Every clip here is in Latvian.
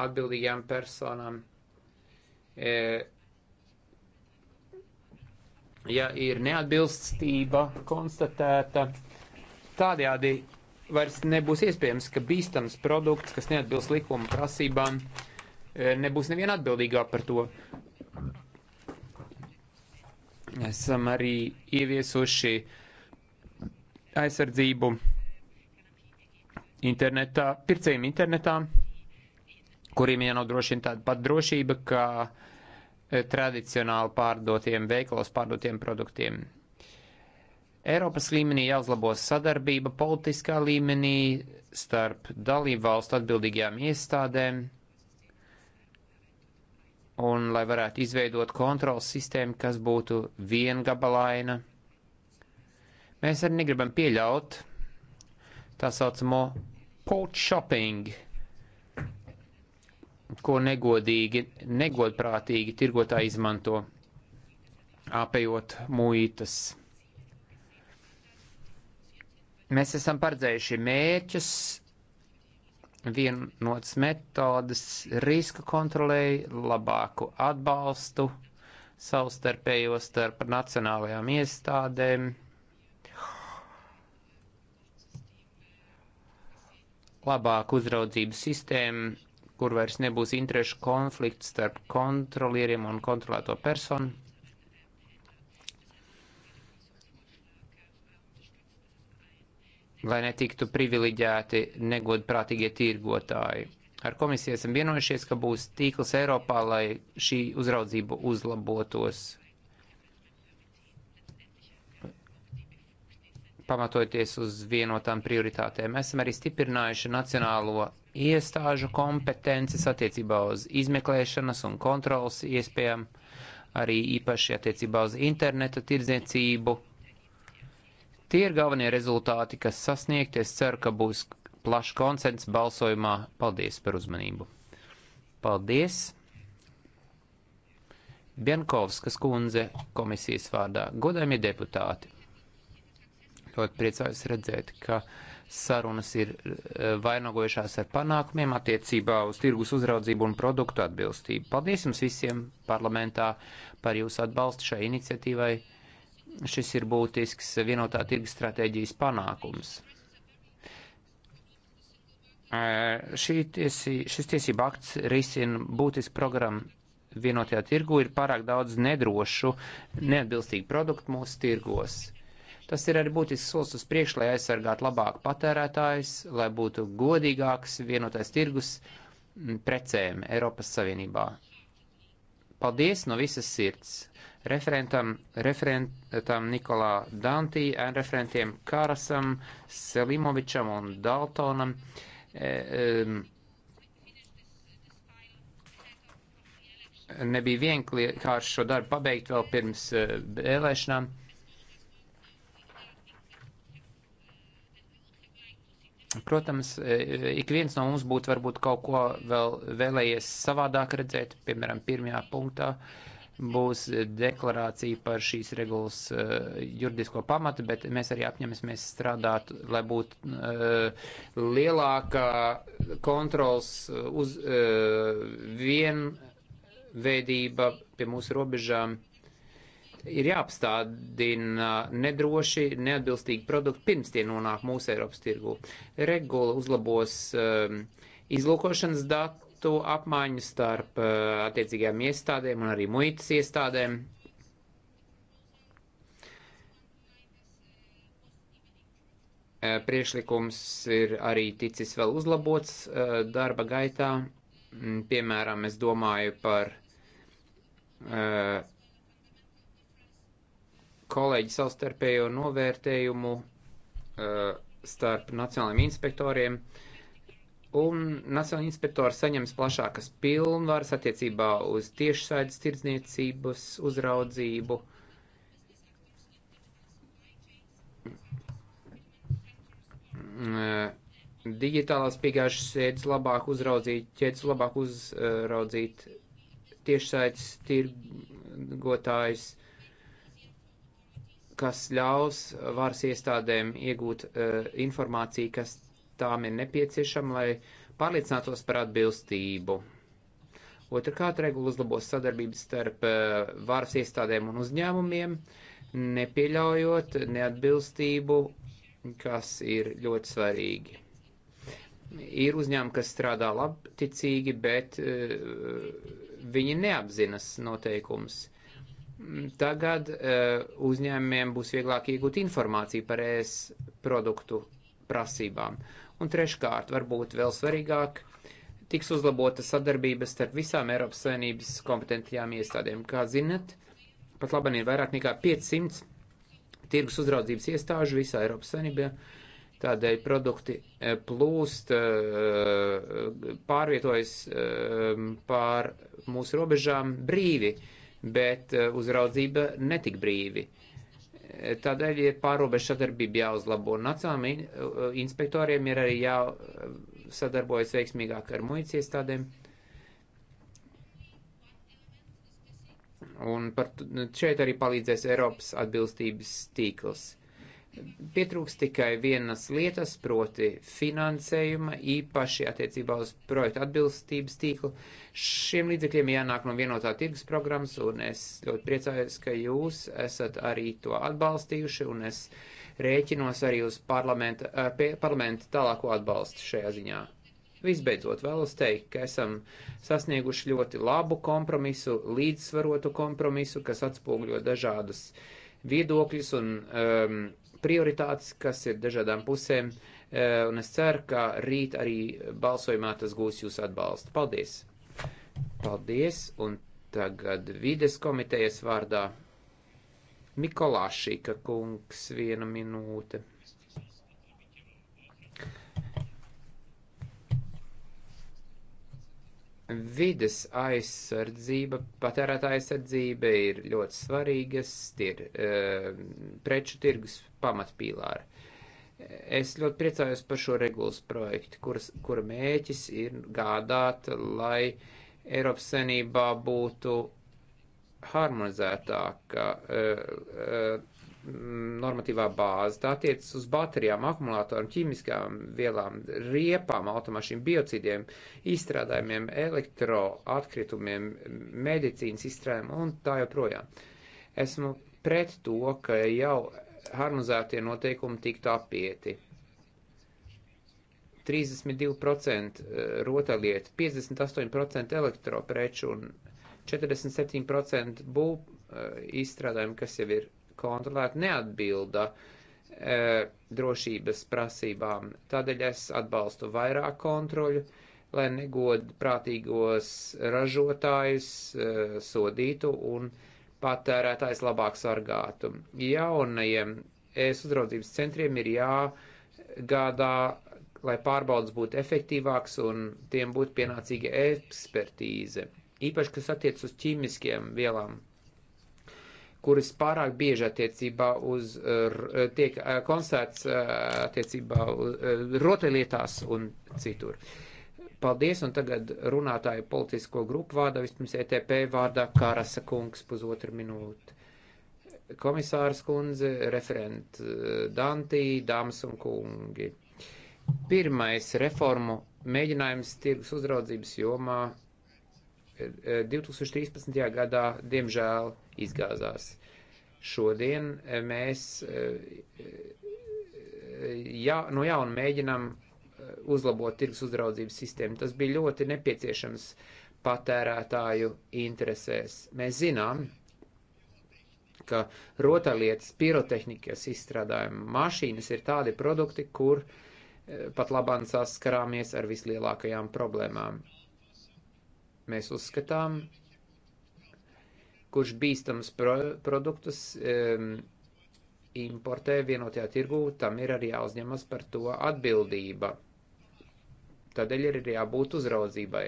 atbildīgām personām. E, ja ir neatbilstība konstatēta, tādējādi vairs nebūs iespējams, ka bīstams produkts, kas neatbilst likuma prasībām, e, nebūs neviena atbildīgā par to. Esam arī ieviesuši aizsardzību internetā, pircējiem internetā, kuriem jānodrošina tāda pat drošība, kā e, tradicionāli pārdotiem veikalos pārdotiem produktiem. Eiropas līmenī jāuzlabos sadarbība politiskā līmenī starp dalību valstu atbildīgajām iestādēm, un lai varētu izveidot kontrolas sistēmu, kas būtu viengabalaina. Mēs arī negribam pieļaut tā saucamo port shopping, ko negodīgi, negodprātīgi tirgotāji izmanto, apējot muitas. Mēs esam paredzējuši mērķus, vienotas metodas, riska kontrolēju, labāku atbalstu savstarpējo starp nacionālajām iestādēm. labāku uzraudzību sistēmu kur vairs nebūs interešu konflikts starp kontrolieriem un kontrolēto personu. Lai netiktu privileģēti negodprātīgie tirgotāji. Ar komisiju esam vienojušies, ka būs tīkls Eiropā, lai šī uzraudzība uzlabotos. pamatojoties uz vienotām prioritātēm. Esam arī stiprinājuši nacionālo iestāžu kompetences attiecībā uz izmeklēšanas un kontrolas iespējām, arī īpaši attiecībā uz interneta tirdzniecību. Tie ir galvenie rezultāti, kas sasniegti. Es ceru, ka būs plašs konsens balsojumā. Paldies par uzmanību. Paldies! Bienkovskas kundze komisijas vārdā. Godājumie deputāti! Ļoti priecājos redzēt, ka uh, Sarunas ir eh, vainagojušās ar panākumiem attiecībā uz tirgus uzraudzību un produktu atbilstību. Paldies jums visiem parlamentā par jūsu atbalstu šai iniciatīvai. Šis ir būtisks vienotā tirgus stratēģijas panākums. Eh, tiesi, šis tiesība akts risina būtisku programmu vienotajā tirgu ir pārāk daudz nedrošu, neatbilstīgu produktu mūsu tirgos. Tas ir arī būtisks solis uz priekšu, lai aizsargātu labāk patērētājs, lai būtu godīgāks vienotais tirgus precēm Eiropas Savienībā. Paldies no visas sirds referentam, referentam Nikolā Dantī, referentiem Kārasam, Selimovičam un Daltonam. E, e, nebija vienkārši šo darbu pabeigt vēl pirms e, vēlēšanām. E, Protams, e, e, ik viens no mums būtu varbūt kaut ko vēl vēlējies savādāk redzēt, piemēram, pirmajā punktā būs deklarācija par šīs regulas uh, juridisko pamatu, bet mēs arī apņemamies strādāt, lai būtu uh, lielākā kontrols uz uh, vienveidība pie mūsu robežām. Uh, ir jāapstādina nedroši, neatbilstīgi produkti pirms tie nonāk mūsu Eiropas tirgu. Regula uzlabos um, izlūkošanas datu apmaiņu starp uh, attiecīgajām iestādēm un arī muitas iestādēm. Uh, priekšlikums ir arī ticis vēl uzlabots uh, darba gaitā. Mm, piemēram, es domāju par uh, kolēģi savstarpējo novērtējumu uh, starp nacionālajiem inspektoriem, un nacionālajie inspektori saņems plašākas pilnvaras attiecībā uz tiešsaites tirdzniecības uzraudzību. Mm, digitālās piegāžas ķēdes labāk uzraudzīt, ķēdes labāk uzraudzīt tiešsaites tirgotājs kas ļaus varas iestādēm iegūt uh, informāciju, kas tām ir nepieciešama, lai pārliecinātos par atbilstību. Otrakārt, regula uzlabos sadarbības starp uh, varas iestādēm un uzņēmumiem, nepieļaujot neatbilstību, kas ir ļoti svarīgi. Ir uzņēmumi, kas strādā labticīgi, bet uh, viņi neapzinas noteikumus Tagad eh, uzņēmumiem būs vieglāk iegūt informāciju par ES produktu prasībām. Un treškārt, varbūt vēl svarīgāk, tiks uzlabota sadarbības starp visām Eiropas Savienības kompetentajām iestādēm. Kā zinat, pat labam ir vairāk nekā 500 tirgus uzraudzības iestāžu visā Eiropas Savienībā. Tādēļ produkti eh, plūst, eh, pārvietojas pār mūsu robežām brīvi bet eh, uzraudzība netik brīvi. Eh, tādēļ ir pārobežu sadarbība jāuzlabo. Nacionālajiem eh, inspektoriem ir arī jāsadarbojas veiksmīgāk ar muitas iestādēm. Un par, šeit arī palīdzēs Eiropas atbilstības tīkls. Pietrūks tikai vienas lietas, proti finansējuma, īpaši attiecībā uz projektu atbilstības tīklu. Šiem līdzekļiem jānāk no vienotā tirgus programmas, un es ļoti priecājos, ka jūs esat arī to atbalstījuši, un es rēķinos arī uz parlamenta, eh, parlamenta tālāko atbalstu šajā ziņā. Visbeidzot, vēlos teikt, ka esam sasnieguši ļoti labu kompromisu, līdzsvarotu kompromisu, kas atspoguļo dažādas viedokļus un um, prioritātes, kas ir dažādām pusēm, eh, un es ceru, ka rīt arī balsojumā tas gūs jūsu atbalstu. Paldies! Paldies, un tagad vides komitejas vārdā Mikolāšika kungs viena minūte. vides aizsardzība, patērētāja aizsardzība ir ļoti svarīgas, tie ir e, preču tirgus pamatpīlāra. Es ļoti priecājos par šo regulas projektu, kuras, kura mēķis ir gādāt, lai Eiropas senībā būtu harmonizētāka eh, eh, normatīvā bāze. Tā attiecas uz baterijām, akumulātoriem, ķīmiskām vielām, riepām, automašīm, biocidiem, izstrādājumiem, elektroatkritumiem, medicīnas izstrādājumiem un tā joprojām. Esmu pret to, ka jau harmonizētie noteikumi tiktu apieti. 32% rotaļlietu, 58% elektropreču un 47% būv eh, izstrādājumi, kas jau ir kontrolēti, neatbilda e, drošības prasībām. Tādēļ es atbalstu vairāk kontroļu, lai negod prātīgos ražotājus e, sodītu un e, patērētājs labāk sargātu. Jaunajiem ēst e uzraudzības centriem ir jāgādā, lai pārbaudas būtu efektīvāks un tiem būtu pienācīga ekspertīze. Īpaši, kas attiec uz ķīmiskiem vielām, kuras pārāk bieži attiecībā uz, tiek eh, konstatēts eh, attiecībā uz eh, rotaļlietās un citur. Uh, Paldies, un tagad runātāju politisko grupu vārdā, vispirms ETP vārdā Karasa kungs pusotru minūti. Komisārs kundze, referent eh, Dantī, dāmas un kungi. Pirmais reformu mēģinājums tirgus uzraudzības jomā 2013. Eh, gadā, diemžēl, izgāzās. Šodien eh, mēs ja, no jauna mēģinam uzlabot tirgus uzraudzības sistēmu. Tas bija ļoti nepieciešams patērētāju interesēs. Mēs zinām, ka rotaļlietas, pirotehnikas izstrādājumi, mašīnas ir tādi produkti, kur eh, pat labāk saskarāmies ar vislielākajām problēmām. Mēs uzskatām, kurš bīstams pro produktus um, importē vienotajā tirgū, tam ir arī jāuzņemas par to atbildība. Tādēļ ir jābūt uzraudzībai.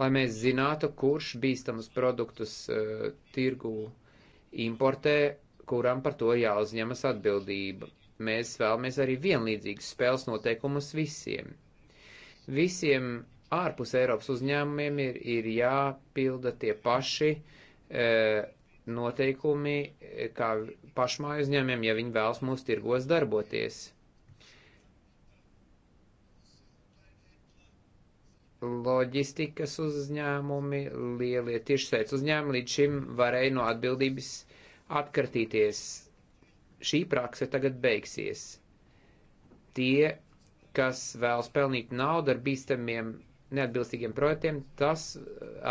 Lai mēs zinātu, kurš bīstamus produktus uh, tirgu importē, kuram par to jāuzņemas atbildība. Mēs vēlamies arī vienlīdzīgus spēles noteikumus visiem. Visiem ārpus Eiropas uzņēmumiem ir, ir jāpilda tie paši e, noteikumi eh, kā pašmāju uzņēmumiem, ja viņi vēlas mūsu tirgos darboties. loģistikas uzņēmumi, lielie tiešsaistes uzņēmumi līdz šim varēja no atbildības atkartīties. Šī prakse tagad beigsies. Tie, kas vēlas pelnīt naudu ar bīstamiem neatbilstīgiem projektiem, tas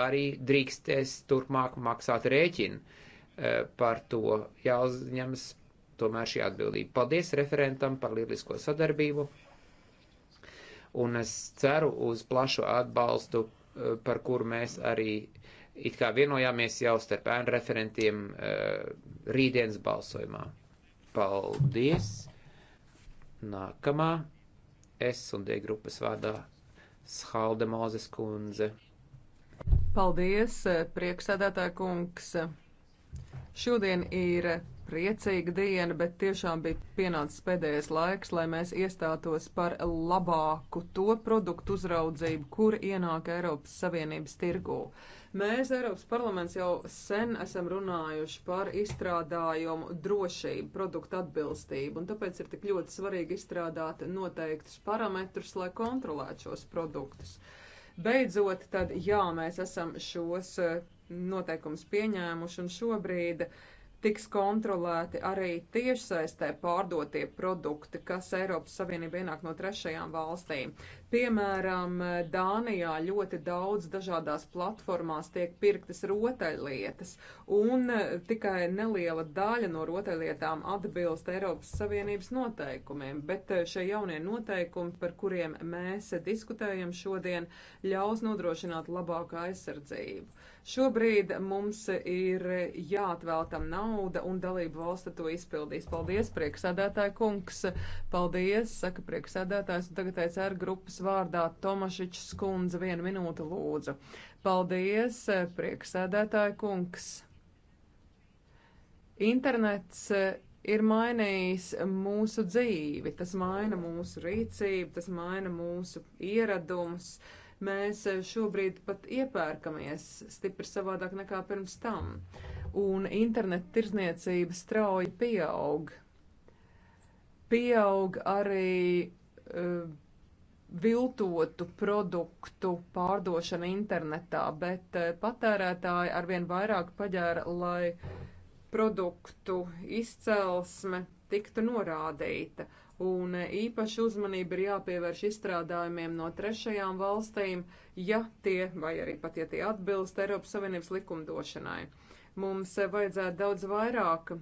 arī drīkstēs turpmāk maksāt rēķinu eh, par to jāuzņemas tomēr šī atbildība. Paldies referentam par lielisko sadarbību un es ceru uz plašu atbalstu, eh, par kuru mēs arī it kā vienojāmies jau starp ēnu referentiem eh, rītdienas balsojumā. Paldies! Nākamā S un D grupas vārdā Shalde Mozes kundze. Paldies, eh, prieksēdētāja kungs! Šodien ir priecīga diena, bet tiešām bija pienācis pēdējais laiks, lai mēs iestātos par labāku to produktu uzraudzību, kur ienāk Eiropas Savienības tirgū. Mēs Eiropas parlaments jau sen esam runājuši par izstrādājumu drošību, produktu atbilstību, un tāpēc ir tik ļoti svarīgi izstrādāt noteiktus parametrus, lai kontrolētu šos produktus. Beidzot, tad jā, mēs esam šos eh, noteikumus pieņēmuši, un šobrīd uh, tiks kontrolēti arī tiešsaistē pārdotie produkti, kas Eiropas Savienībā ienāk no trešajām valstīm. Piemēram, Dānijā ļoti daudz dažādās platformās tiek pirktas rotaļlietas, un tikai neliela daļa no rotaļlietām atbilst Eiropas Savienības noteikumiem, bet eh, šie jaunie noteikumi, par kuriem mēs diskutējam šodien, ļaus nodrošināt labāku aizsardzību. Šobrīd mums ir jāatvēl tam nauda, un dalību valsta to izpildīs. Paldies, prieksēdētāji kungs! Paldies, saka prieksēdētājs, un tagad aicēra grupas grupas vārdā Tomašičs kundze vienu minūtu lūdzu. Paldies, prieksēdētāja kungs. Internets eh, ir mainījis mūsu dzīvi, tas maina mūsu rīcību, tas maina mūsu ieradumus. Mēs eh, šobrīd pat iepērkamies stipri savādāk nekā pirms tam, un interneta tirzniecība strauji pieaug. Pieaug arī uh, viltotu produktu pārdošana internetā, bet eh, patērētāji arvien vairāk paģēra, lai produktu izcelsme tiktu norādīta. Un eh, īpaši uzmanība ir jāpievērš izstrādājumiem no trešajām valstīm, ja tie, vai arī pat ja tie atbilst Eiropas Savienības likumdošanai. Mums eh, vajadzētu daudz vairāk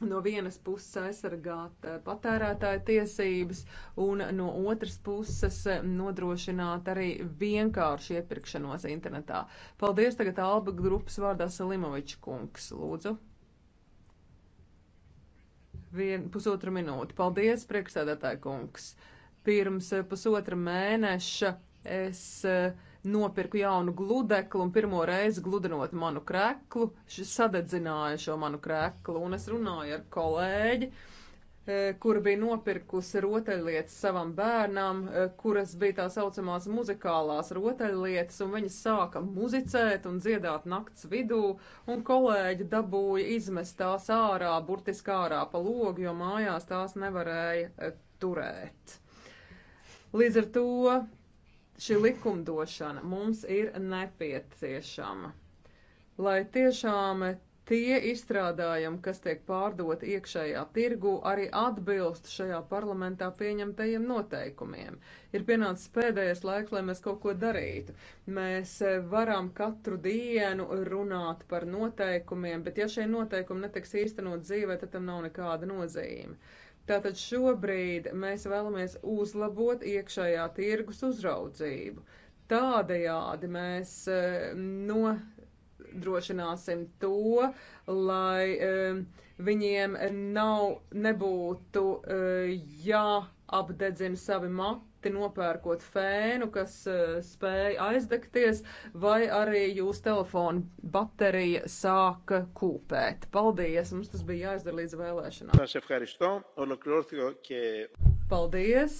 no vienas puses aizsargāt eh, patērētāja tiesības, un no otras puses eh, nodrošināt arī vienkāršu iepirkšanos internetā. Paldies tagad Alba grupas vārdā Salimoviča kungs. Lūdzu. Vien pusotra minūte. Paldies, priekšsēdētāja kungs. Pirms eh, pusotra mēneša es uh, nopirku jaunu gludeklu un pirmo reizi gludinot manu krēklu, šis sadedzināja šo manu krēklu, un es runāju ar kolēģi e, kur bija nopirkusi rotaļlietas savam bērnam, e, kuras bija tā saucamās muzikālās rotaļlietas, un viņas sāka muzicēt un dziedāt nakts vidū, un kolēģi dabūja izmest tās ārā, burtiski ārā pa logu, jo mājās tās nevarēja e, turēt. Līdz ar to Šī likumdošana mums ir nepieciešama, lai tiešām tie izstrādājumi, kas tiek pārdoti iekšējā tirgu, arī atbilst šajā parlamentā pieņemtajiem noteikumiem. Ir pienācis pēdējais laiks, lai mēs kaut ko darītu. Mēs eh, varam katru dienu runāt par noteikumiem, bet ja šie noteikumi netiks īstenot dzīvē, tad tam nav nekāda nozīme. Tātad šobrīd mēs vēlamies uzlabot iekšējā tirgus uzraudzību. Tādējādi mēs eh, no drošināsim to, lai um, viņiem nav, nebūtu uh, jāapdedzina savi mati proti nopērkot fēnu, kas uh, eh, spēja aizdegties, vai arī jūs telefonu baterija sāka kūpēt. Paldies! Mums tas bija jāizdara līdz vēlēšanām. Paldies!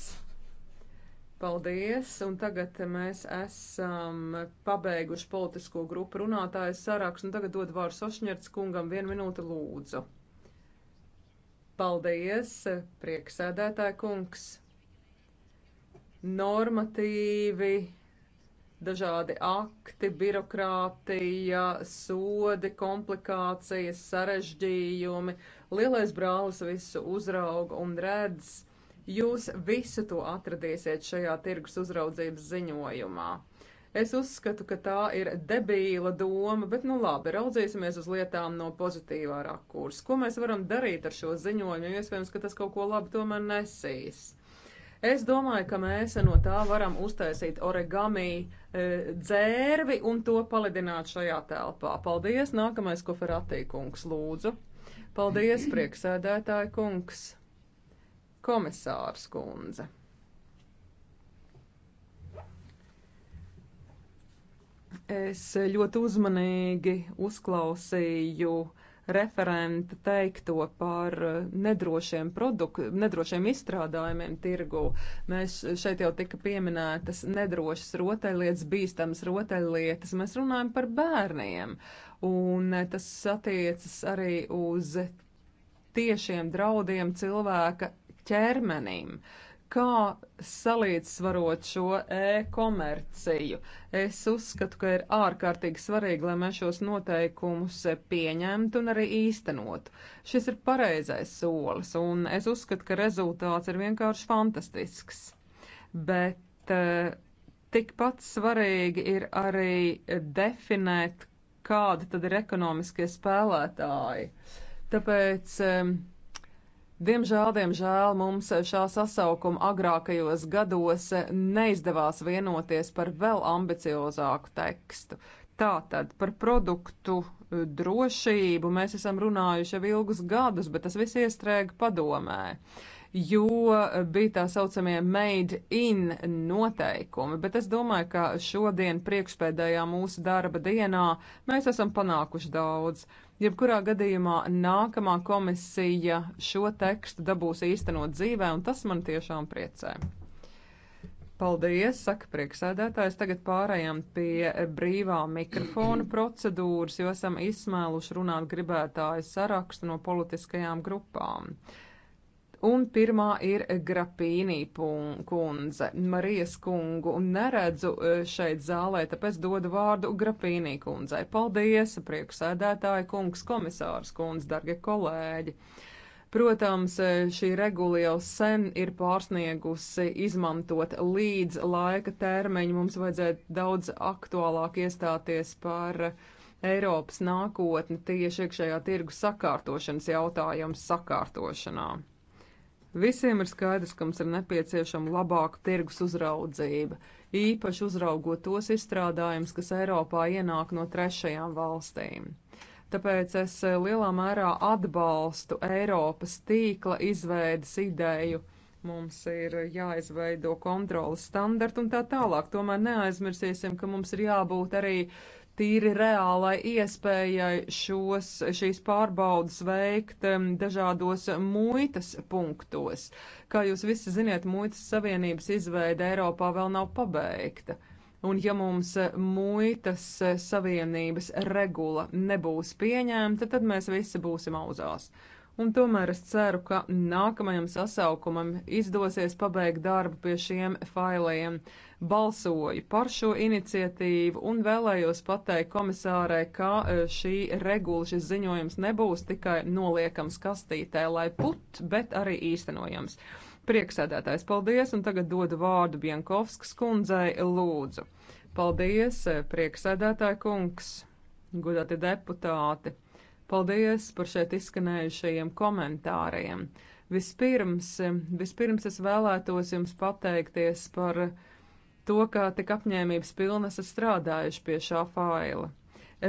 Paldies! Un tagad mēs esam pabeiguši politisko grupu runātāju sarakstu. Un tagad dod vārdu Sošņerts kungam vienu minūti lūdzu. Paldies, prieksēdētāja kungs! normatīvi, dažādi akti, birokrātija, sodi, komplikācijas, sarežģījumi. Lielais brālis visu uzrauga un redz. Jūs visu to atradīsiet šajā tirgus uzraudzības ziņojumā. Es uzskatu, ka tā ir debīla doma, bet nu labi, raudzīsimies uz lietām no pozitīvā rakursa. Ko mēs varam darīt ar šo ziņojumu, jo iespējams, ka tas kaut ko labu tomēr nesīs. Es domāju, ka mēs no tā varam uztaisīt origami e, dzērvi un to palidināt šajā telpā. Paldies! Nākamais koferatī kungs lūdzu. Paldies, prieksēdētāji kungs! Komisārs kundze! Es ļoti uzmanīgi uzklausīju uh, referenta teikto par eh, nedrošiem, produku, nedrošiem izstrādājumiem tirgu. Mēs eh, šeit jau tika pieminētas nedrošas rotaļlietas, bīstamas rotaļlietas. Mēs runājam par bērniem, un eh, tas attiecas arī uz tiešiem draudiem cilvēka ķermenim. Uh, kā salīdzsvarot šo e-komerciju. Es uzskatu, ka ir ārkārtīgi svarīgi, lai mēs šos noteikumus pieņemtu un arī īstenotu. Šis ir pareizais solis, un es uzskatu, ka rezultāts ir vienkārši fantastisks. Bet eh, tikpat svarīgi ir arī definēt, kādi tad ir ekonomiskie spēlētāji. Tāpēc eh, Diemžēl, diemžēl mums šā sasaukuma agrākajos gados neizdevās vienoties par vēl ambiciozāku tekstu. Tātad par produktu e, drošību mēs esam runājuši jau ilgus gadus, bet tas viss iestrēga padomē jo bija tā saucamie made in noteikumi. Bet es domāju, ka šodien priekšpēdējā mūsu darba dienā mēs esam panākuši daudz. Jebkurā gadījumā nākamā komisija šo tekstu dabūs īstenot dzīvē, un tas man tiešām priecē. Paldies, saka prieksēdētājs. Tagad pārējām pie brīvā mikrofona procedūras, jo esam izsmēluši runāt gribētāju sarakstu no politiskajām grupām. Uh, Un pirmā ir Grapīnī kundze, Marijas kungu. Neredzu e, šeit zālē, tāpēc dodu vārdu Grapīnī kundzei. Paldies, prieksēdētāji kungs, komisārs kundze, dargie kolēģi! Protams, e, šī regula jau sen ir pārsniegusi izmantot līdz laika termiņu. Mums vajadzētu daudz aktuālāk iestāties par Eiropas nākotni tieši iekšējā tirgu sakārtošanas jautājumu sakārtošanā. Visiem ir skaidrs, ka mums ir nepieciešama labāka tirgus uzraudzība, īpaši uzraugot tos izstrādājumus, kas Eiropā ienāk no trešajām valstīm. Tāpēc es eh, lielā mērā atbalstu Eiropas tīkla izveidas ideju. Mums ir jāizveido kontrolas standarti un tā tālāk. Tomēr neaizmirsīsim, ka mums ir jābūt arī uh, tīri reālai iespējai šos, šīs pārbaudas veikt dažādos muitas punktos. Kā jūs visi ziniet, muitas savienības izveida Eiropā vēl nav pabeigta. Un ja mums muitas savienības regula nebūs pieņemta, tad mēs visi būsim auzās. Un tomēr es ceru, ka nākamajam sasaukumam izdosies pabeigt darbu pie šiem failiem balsoju par šo iniciatīvu un vēlējos pateikt komisārai, ka e, šī regula, šis ziņojums nebūs tikai noliekams kastītē, lai put, bet arī īstenojams. Prieksēdētājs paldies un tagad dodu vārdu Bienkovskas kundzei lūdzu. Paldies, e, prieksēdētāja kungs, gudāti deputāti. Paldies par šeit izskanējušajiem komentāriem. Vispirms, e, vispirms es vēlētos jums pateikties par to, kā tik apņēmības pilnas ir strādājuši pie šā faila.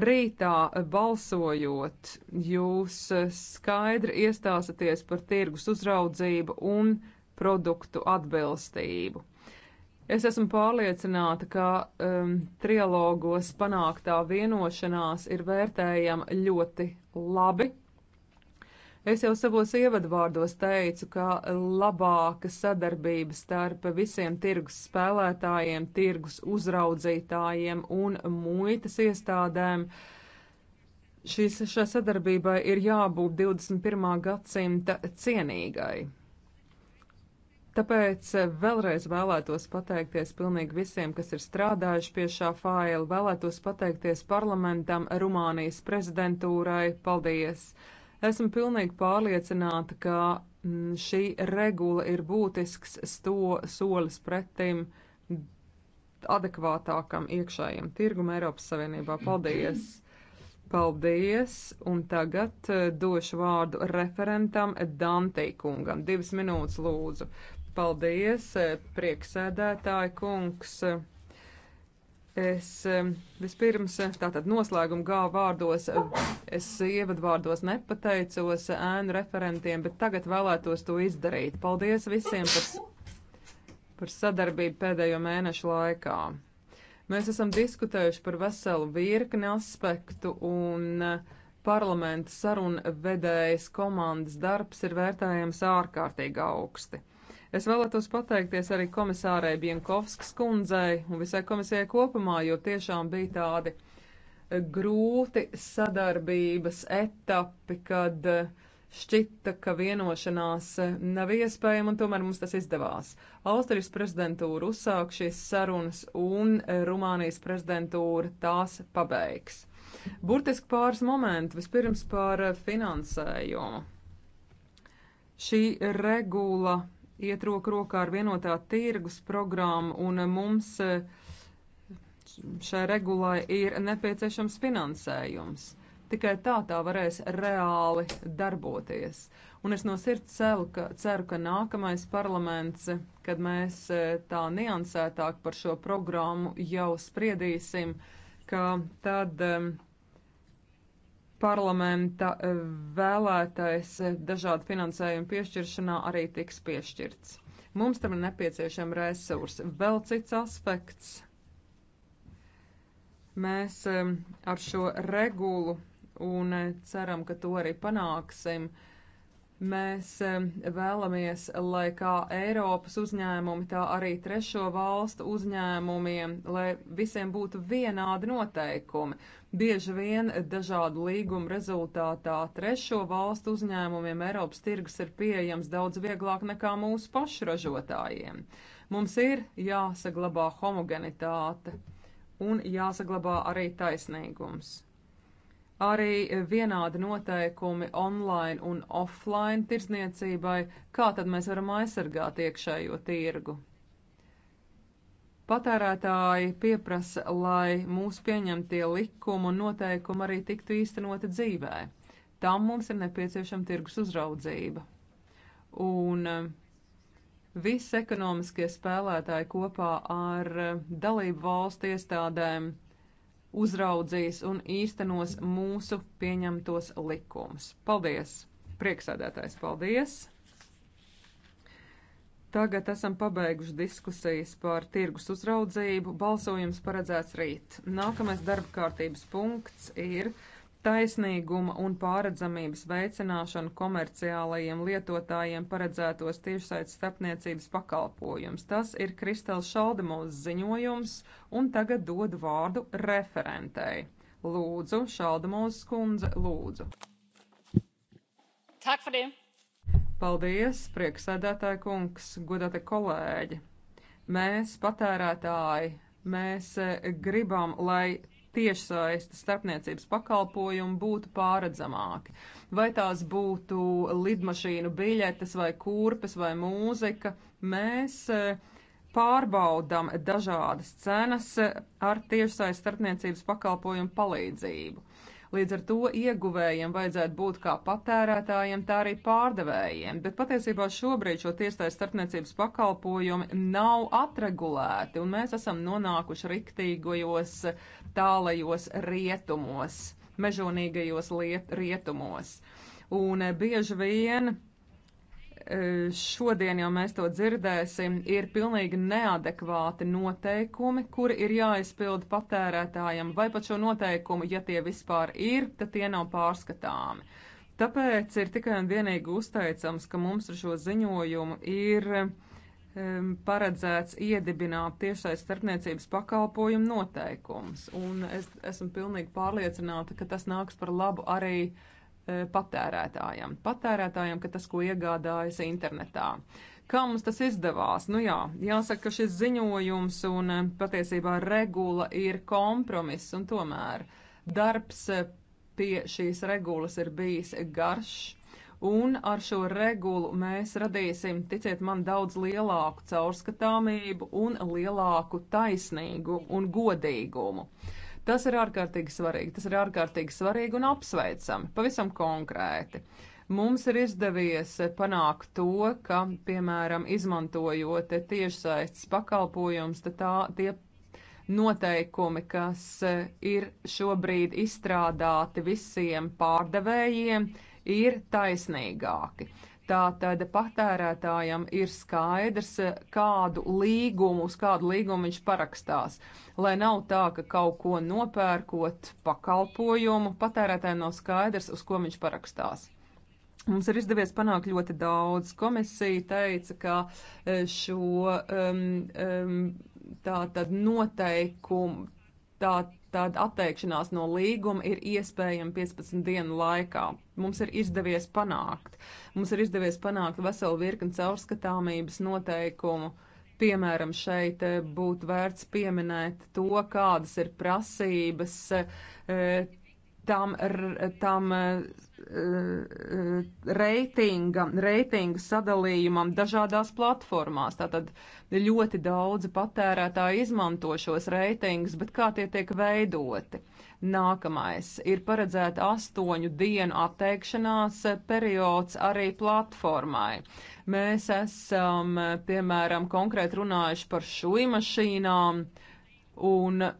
Rītā balsojot, jūs skaidri iestāsieties par tirgus uzraudzību un produktu atbilstību. Es esmu pārliecināta, ka um, trialogos panāktā vienošanās ir vērtējama ļoti labi Es jau savos ievadvārdos teicu, ka labāka sadarbība starp visiem tirgus spēlētājiem, tirgus uzraudzītājiem un muitas iestādēm. Šis, šā sadarbībai ir jābūt 21. gadsimta cienīgai. Tāpēc vēlreiz vēlētos pateikties pilnīgi visiem, kas ir strādājuši pie šā faila, vēlētos pateikties parlamentam, Rumānijas prezidentūrai. Paldies! Esmu pilnīgi pārliecināta, ka mm, šī regula ir būtisks sto, solis pretim adekvātākam iekšējam tirgum Eiropas Savienībā. Paldies! Paldies! Un tagad eh, došu vārdu referentam Dantī kungam. Divas minūtes lūdzu. Paldies, eh, prieksēdētāji kungs! Es vispirms eh, tātad noslēgumu gā vārdos, eh, es ievadvārdos nepateicos eh, ēnu referentiem, bet tagad vēlētos to izdarīt. Paldies visiem par, par sadarbību pēdējo mēnešu laikā. Mēs esam diskutējuši par veselu virkni aspektu un parlamenta sarunu vedējas komandas darbs ir vērtējams ārkārtīgi augsti. Es vēlētos pateikties arī komisārai Bienkovskas kundzei un visai komisijai kopumā, jo tiešām bija tādi grūti sadarbības etapi, kad eh, šķita, ka vienošanās eh, nav iespējama, un tomēr mums tas izdevās. Austrijas prezidentūra uzsāk šīs sarunas, un eh, Rumānijas prezidentūra tās pabeigs. Burtiski pāris momenti, vispirms par finansējumu. Šī regula iet roku rokā ar vienotā tirgus programmu, un mums eh, šai regulai ir nepieciešams finansējums. Tikai tā tā varēs reāli darboties. Un es no sirds ceru, ka, ceru, ka nākamais parlaments, kad mēs eh, tā niansētāk par šo programmu jau spriedīsim, ka tad um, parlamenta eh, vēlētais eh, dažādu finansējumu piešķiršanā arī tiks piešķirts. Mums tam ir nepieciešama resursa. Vēl cits aspekts. Mēs eh, ar šo regulu un ceram, ka to arī panāksim. Uh, Mēs vēlamies, lai kā Eiropas uzņēmumi, tā arī trešo valstu uzņēmumiem, lai visiem būtu vienādi noteikumi. Bieži vien dažādu līgumu rezultātā trešo valstu uzņēmumiem Eiropas tirgus ir pieejams daudz vieglāk nekā mūsu pašražotājiem. Mums ir jāsaglabā homogenitāte un jāsaglabā arī taisnīgums arī vienādi noteikumi online un offline tirdzniecībai, kā tad mēs varam aizsargāt iekšējo tirgu. Patērētāji pieprasa, lai mūsu pieņemtie likumi un noteikumi arī tiktu īstenoti dzīvē. Tam mums ir nepieciešama tirgus uzraudzība. Un eh, visi ekonomiskie spēlētāji kopā ar eh, dalību valstu iestādēm uzraudzīs un īstenos mūsu pieņemtos likumus. Paldies! Prieksēdētājs, paldies! Tagad esam pabeiguši diskusijas par tirgus uzraudzību. Balsojums paredzēts rīt. Nākamais darba kārtības punkts ir taisnīguma un pārredzamības veicināšanu komerciālajiem lietotājiem paredzētos tiešsaistes starpniecības pakalpojumus. Tas ir Kristels Šaldemovs ziņojums, un tagad dodu vārdu referentei. Lūdzu, Šaldemovs kundze, lūdzu. Paldies, prieksēdētāji kungs, godāti kolēģi. Mēs, patērētāji, mēs eh, gribam, lai tiešsaistes starpniecības pakalpojumi būtu pāredzamāki. Vai tās būtu lidmašīnu biļetes, vai kurpes, vai mūzika, mēs e, pārbaudām dažādas cenas ar tiešsaistes starpniecības pakalpojumu palīdzību. Līdz ar to ieguvējiem vajadzētu būt kā patērētājiem, tā arī pārdevējiem. Bet patiesībā šobrīd šo tiesais starpniecības pakalpojumi nav atregulēti, un mēs esam nonākuši riktīgojos tālajos rietumos, mežonīgajos liet, rietumos. Un eh, bieži vien E, šodien jau mēs to dzirdēsim, ir pilnīgi neadekvāti noteikumi, kuri ir jāizpilda patērētājiem, vai pat šo noteikumu, ja tie vispār ir, tad tie nav pārskatāmi. Tāpēc ir tikai un vienīgi uzteicams, ka mums ar šo ziņojumu ir um, paredzēts iedibināt tiešais starpniecības pakalpojumu noteikums, un es esmu pilnīgi pārliecināta, ka tas nāks par labu arī uh, E, patērētājam. Patērētājam, ka tas, ko iegādājas internetā. Kā mums tas izdevās? Nu jā, jāsaka, ka šis ziņojums un e, patiesībā regula ir kompromiss, un tomēr darbs e, pie šīs regulas ir bijis garš. Un ar šo regulu mēs radīsim, ticiet man, daudz lielāku caurskatāmību un lielāku taisnīgu un godīgumu. Uh, Tas ir ārkārtīgi svarīgi. Tas ir ārkārtīgi svarīgi un apsveicami, pavisam konkrēti. Mums ir izdevies panākt to, ka, piemēram, izmantojot tiešsaistes pakalpojumus, tā, tie noteikumi, kas ir šobrīd izstrādāti visiem pārdevējiem, ir taisnīgāki. Tātad patērētājam ir skaidrs, kādu līgumu, uz kādu līgumu viņš parakstās. Lai nav tā, ka kaut ko nopērkot pakalpojumu, patērētājiem nav skaidrs, uz ko viņš parakstās. Mums ir izdevies panākt ļoti daudz. Komisija teica, ka e, šo um, um, tā tad noteikumu, tā tad atteikšanās no līguma ir iespējama 15 dienu laikā. Mums ir izdevies panākt. Mums ir izdevies panākt veselu virkni caurskatāmības noteikumu. Piemēram, šeit eh, būtu vērts pieminēt to, kādas ir prasības eh, tam, tam e, e, e, reitinga, reitinga sadalījumam dažādās platformās. Tātad ļoti daudzi patērētāji izmanto šos reitingus, bet kā tie tiek veidoti? Nākamais ir paredzēta astoņu dienu atteikšanās periods arī platformai. Mēs esam, piemēram, konkrēti runājuši par šūmašīnām un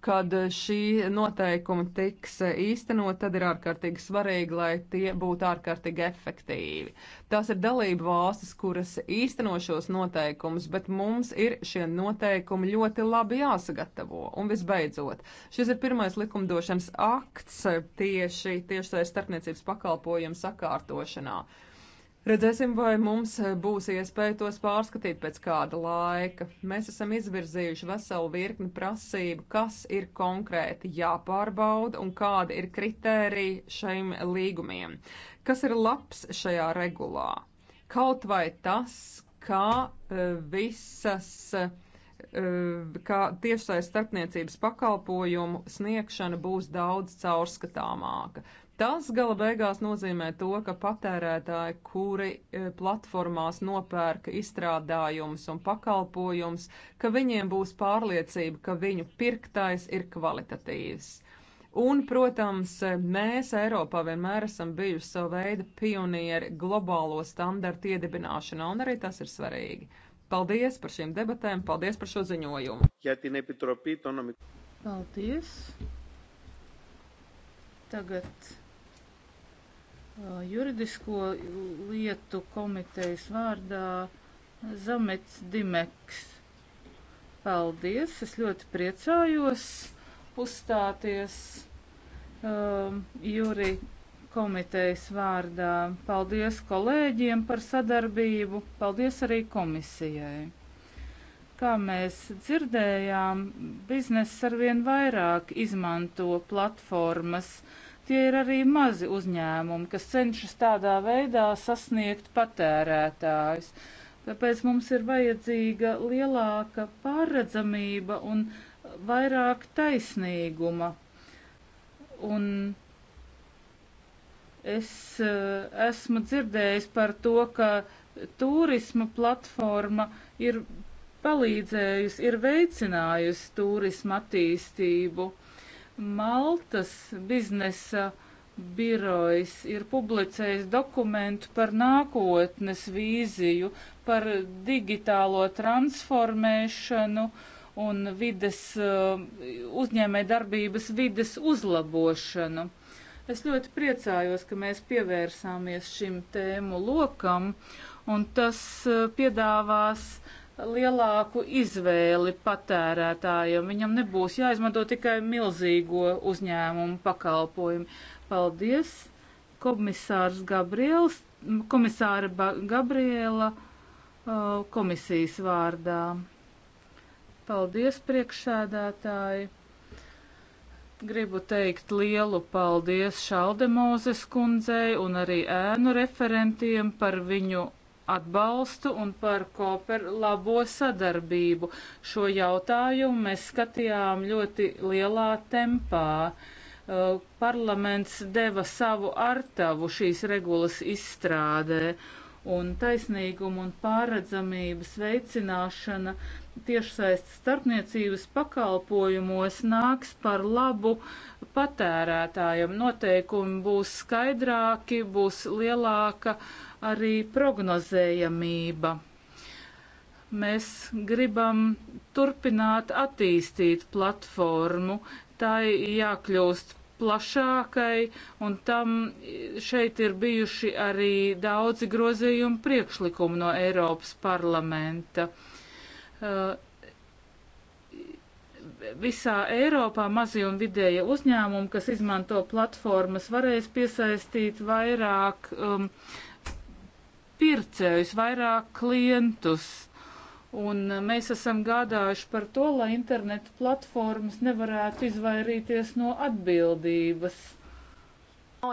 kad šī noteikuma tiks īstenot, tad ir ārkārtīgi svarīgi, lai tie būtu ārkārtīgi efektīvi. Tās ir dalību valstis, kuras īsteno šos noteikumus, bet mums ir šie noteikumi ļoti labi jāsagatavo. Un visbeidzot, šis ir pirmais likumdošanas akts tieši, tieši starpniecības pakalpojumu sakārtošanā. Uh, Redzēsim, vai mums eh, būs iespēja tos pārskatīt pēc kāda laika. Mēs esam izvirzījuši veselu virkni prasību, kas ir konkrēti jāpārbauda un kāda ir kritērija šiem līgumiem. Kas ir labs šajā regulā? Kaut vai tas, kā eh, visas eh, kā tiešsaistes starpniecības pakalpojumu sniegšana būs daudz caurskatāmāka. Tas gala beigās nozīmē to, ka patērētāji, kuri e, platformās nopērka izstrādājumus un pakalpojumus, ka viņiem būs pārliecība, ka viņu pirktais ir kvalitatīvs. Un, protams, e, mēs Eiropā vienmēr esam bijuši savu veidu pionieri globālo standartu iedibināšanā, un arī tas ir svarīgi. Paldies par šīm debatēm, paldies par šo ziņojumu. Paldies. Tagad Uh, juridisko lietu komitejas vārdā Zamets Dimeks. Paldies, es ļoti priecājos uzstāties um, juri komitejas vārdā. Paldies kolēģiem par sadarbību, paldies arī komisijai. Kā mēs dzirdējām, bizness arvien vairāk izmanto platformas, uh, tie ir arī mazi uzņēmumi, kas cenšas tādā veidā sasniegt patērētājus. Tāpēc mums ir vajadzīga lielāka pārredzamība un vairāk taisnīguma. Un es eh, esmu dzirdējis par to, ka turisma platforma ir palīdzējusi, ir veicinājusi turisma attīstību. Uh, Maltas biznesa birojs ir publicējis dokumentu par nākotnes vīziju, par digitālo transformēšanu un vides, eh, uzņēmē darbības vides uzlabošanu. Es ļoti priecājos, ka mēs pievērsāmies šim tēmu lokam, un tas eh, piedāvās uh, lielāku izvēli patērētājiem. Viņam nebūs jāizmanto tikai milzīgo uzņēmumu pakalpojumu. Paldies, komisārs Gabriels, komisāra ba Gabriela komisijas vārdā. Paldies, priekšsēdētāji! Gribu teikt lielu paldies Šaldemozes kundzei un arī ēnu referentiem par viņu atbalstu un par kooper labo sadarbību. Šo jautājumu mēs skatījām ļoti lielā tempā. Uh, parlaments deva savu artavu šīs regulas izstrādē, un taisnīguma un pārredzamības veicināšana tiešsaistes starpniecības pakalpojumos nāks par labu uh, patērētājiem. Noteikumi būs skaidrāki, būs lielāka arī prognozējamība. Mēs gribam turpināt attīstīt platformu, tai jākļūst plašākai, un tam šeit ir bijuši arī daudzi grozījumi priekšlikumi no Eiropas parlamenta. Uh, visā Eiropā mazie un vidēja uzņēmumi, kas izmanto platformas, varēs piesaistīt vairāk um, pircējus, vairāk klientus. Un uh, mēs esam gādājuši par to, lai interneta platformas nevarētu izvairīties no atbildības. No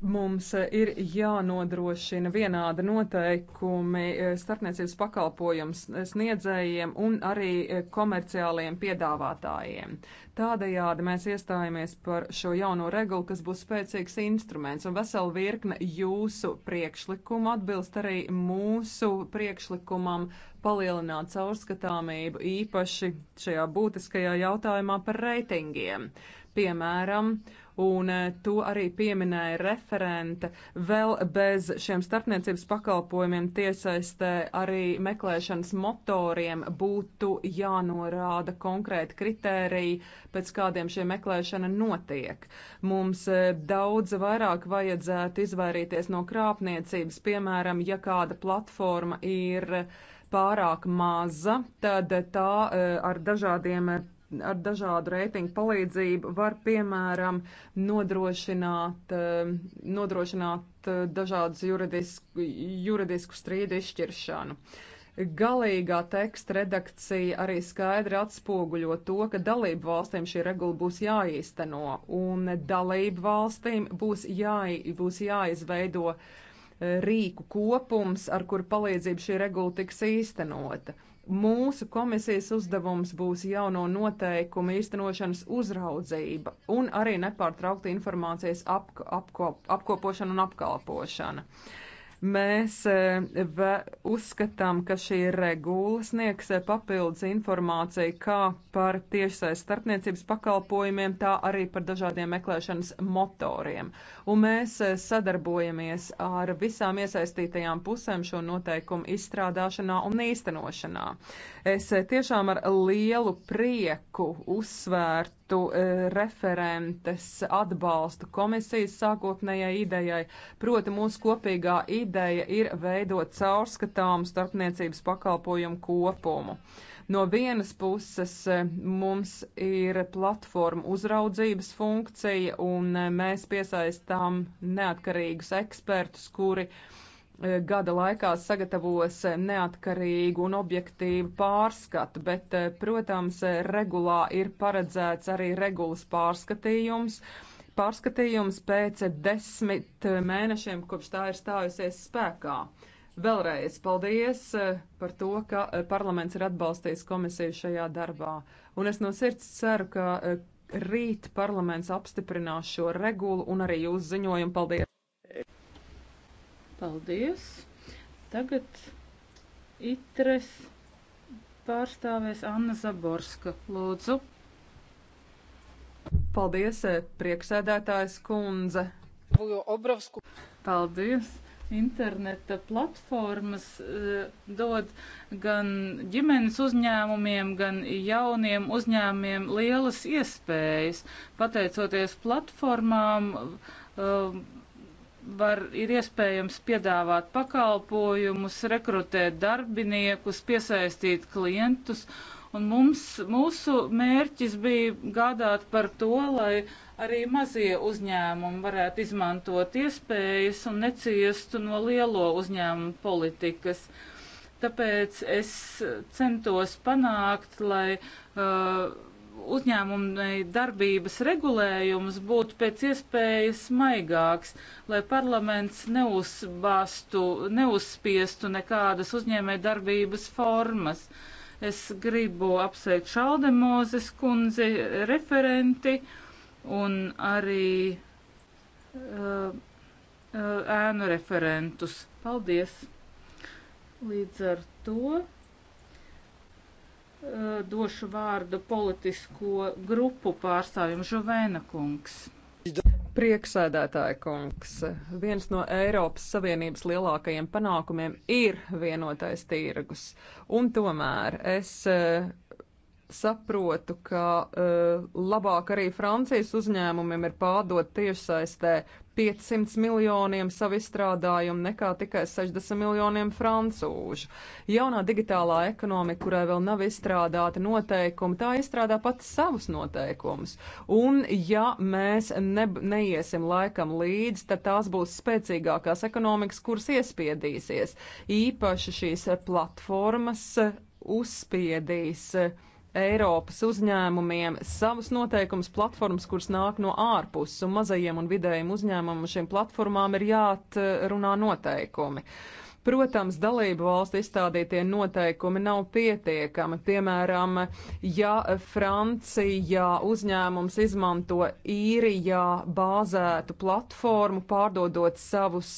Mums eh, ir jānodrošina vienāda noteikumi eh, starpniecības pakalpojums eh, sniedzējiem un arī komerciāliem piedāvātājiem. Tādējādi mēs iestājamies par šo jauno regulu, kas būs spēcīgs instruments, un vesela virkne jūsu priekšlikumu atbilst arī mūsu priekšlikumam palielināt caurskatāmību īpaši šajā būtiskajā jautājumā par reitingiem. Piemēram, un eh, to arī pieminēja referente. Vēl bez šiem starpniecības pakalpojumiem tiesaistē arī meklēšanas motoriem būtu jānorāda konkrēti kritēriji, pēc kādiem šie meklēšana notiek. Mums eh, daudz vairāk vajadzētu izvairīties no krāpniecības, piemēram, ja kāda platforma ir eh, pārāk maza, tad tā ar dažādiem ar dažādu reitingu palīdzību var, piemēram, nodrošināt, eh, nodrošināt eh, dažādas juridisku, juridisku strīdu izšķiršanu. Galīgā teksta redakcija arī skaidri atspoguļo to, ka dalību valstīm šī regula būs jāīsteno, un dalību valstīm būs, jāi, būs jāizveido eh, rīku kopums, ar kur palīdzību šī regula tiks īstenota. Uh, Mūsu komisijas uzdevums būs jauno noteikumu īstenošanas uzraudzība un arī nepārtraukta informācijas apko, apko, apkopošana un apkalpošana. Uh, Mēs e, uzskatām, ka šī regula sniegs e, papildus informāciju kā par tiešsaistes starpniecības pakalpojumiem, tā arī par dažādiem meklēšanas motoriem. Un mēs e, sadarbojamies ar visām iesaistītajām pusēm šo noteikumu izstrādāšanā un īstenošanā. Es tiešām ar lielu prieku uzsvērtu gūtu e, referentes atbalstu komisijas sākotnējai idejai. Proti, mūsu kopīgā ideja ir veidot caurskatāmu starpniecības pakalpojumu kopumu. No vienas puses e, mums ir platforma uzraudzības funkcija, un e, mēs piesaistām neatkarīgus ekspertus, kuri uh, E, gada laikā sagatavos neatkarīgu un objektīvu pārskatu, bet, e, protams, e, regulā ir paredzēts arī regulas pārskatījums. Pārskatījums pēc desmit mēnešiem, kopš tā ir stājusies spēkā. Vēlreiz paldies par to, ka parlaments ir atbalstījis komisiju šajā darbā. Un es no sirds ceru, ka rīt parlaments apstiprinās šo regulu un arī jūsu ziņojumu. Paldies! Paldies! Tagad itres pārstāvēs Anna Zaborska. Lūdzu! Paldies, eh, prieksēdētājs kundze! Paldies! interneta platformas eh, dod gan ģimenes uzņēmumiem, gan jauniem uzņēmumiem lielas iespējas. Pateicoties platformām, eh, var, ir iespējams piedāvāt pakalpojumus, rekrutēt darbiniekus, piesaistīt klientus. Un mums, mūsu mērķis bija gādāt par to, lai arī mazie uzņēmumi varētu izmantot iespējas un neciestu no lielo uzņēmumu politikas. Tāpēc es centos panākt, lai uh, uzņēmumi darbības regulējums būtu pēc iespējas maigāks, lai parlaments neuzbāstu, neuzspiestu nekādas uzņēmē darbības formas. Es gribu apsveikt Šaldemozes kundzi referenti un arī uh, uh, ēnu referentus. Paldies! Līdz ar to. Eh, došu vārdu politisko grupu pārstāvjumu Žuvēna kungs. Prieksēdētāja kungs, viens no Eiropas Savienības lielākajiem panākumiem ir vienotais tirgus, un tomēr es eh, saprotu, ka uh, labāk arī Francijas uzņēmumiem ir pārdot tiešsaistē 500 miljoniem savu izstrādājumu nekā tikai 60 miljoniem francūžu. Jaunā digitālā ekonomika, kurai vēl nav izstrādāta noteikumi, tā izstrādā pati savus noteikumus. Un ja mēs ne, neiesim laikam līdzi, tad tās būs spēcīgākās ekonomikas, kuras iespiedīsies. Īpaši šīs platformas e, uzspiedīs uh, Eiropas uzņēmumiem savus noteikumus, platformas, kuras nāk no ārpuses, un mazajiem un vidējiem uzņēmumiem šiem platformām ir jāatrunā noteikumi. Uh, Protams, dalību valstu izstādītie noteikumi nav pietiekami. Piemēram, ja Francijā uzņēmums izmanto īrijā bāzētu platformu, pārdodot savus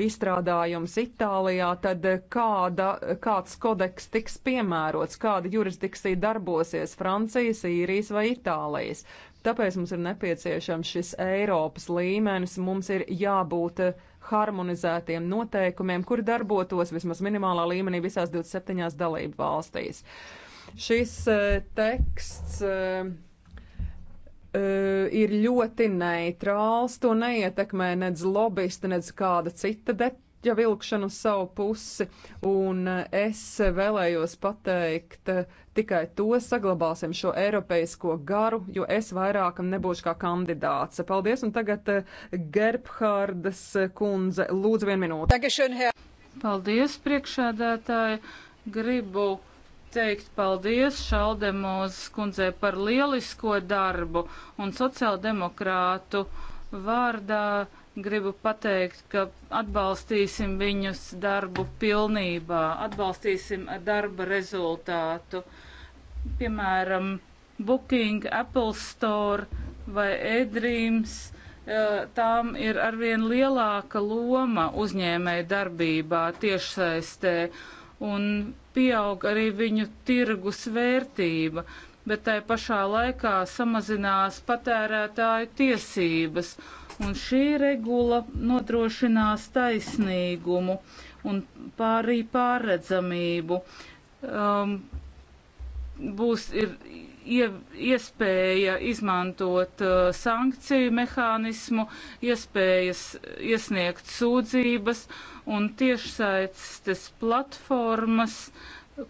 izstrādājumus Itālijā, tad kāda, kāds kodeks tiks piemērots, kāda jurisdikcija darbosies Francijas, īrijas vai Itālijas. Tāpēc mums ir nepieciešams šis Eiropas līmenis, mums ir jābūt harmonizētiem noteikumiem, kuri darbotos vismaz minimālā līmenī visās 27 dalību valstīs. Šis e, teksts e, e, ir ļoti neitrāls, to neietekmē nedz lobbyisti, nedz kāda cita deta jau vilkšanu uz savu pusi, un es vēlējos pateikt eh, tikai to, saglabāsim šo eiropeisko garu, jo es vairākam nebūšu kā kandidāts. Paldies, un tagad eh, Gerbhārdas eh, kundze, lūdzu vienu minūti. Paldies, priekšēdētāji. Gribu teikt paldies Šaldemozes kundzei par lielisko darbu un sociāldemokrātu vārdā gribu pateikt, ka atbalstīsim viņus darbu pilnībā, atbalstīsim darba rezultātu. Piemēram, Booking, Apple Store vai Edreams, eh, tām ir arvien lielāka loma uzņēmēja darbībā tiešsaistē un pieaug arī viņu tirgus vērtība bet tai pašā laikā samazinās patērētāju tiesības. Un šī regula nodrošinās taisnīgumu un pārī pārredzamību. Um, būs ir ie, iespēja izmantot uh, sankciju mehānismu, iespējas iesniegt sūdzības un tiešsaistes platformas uh,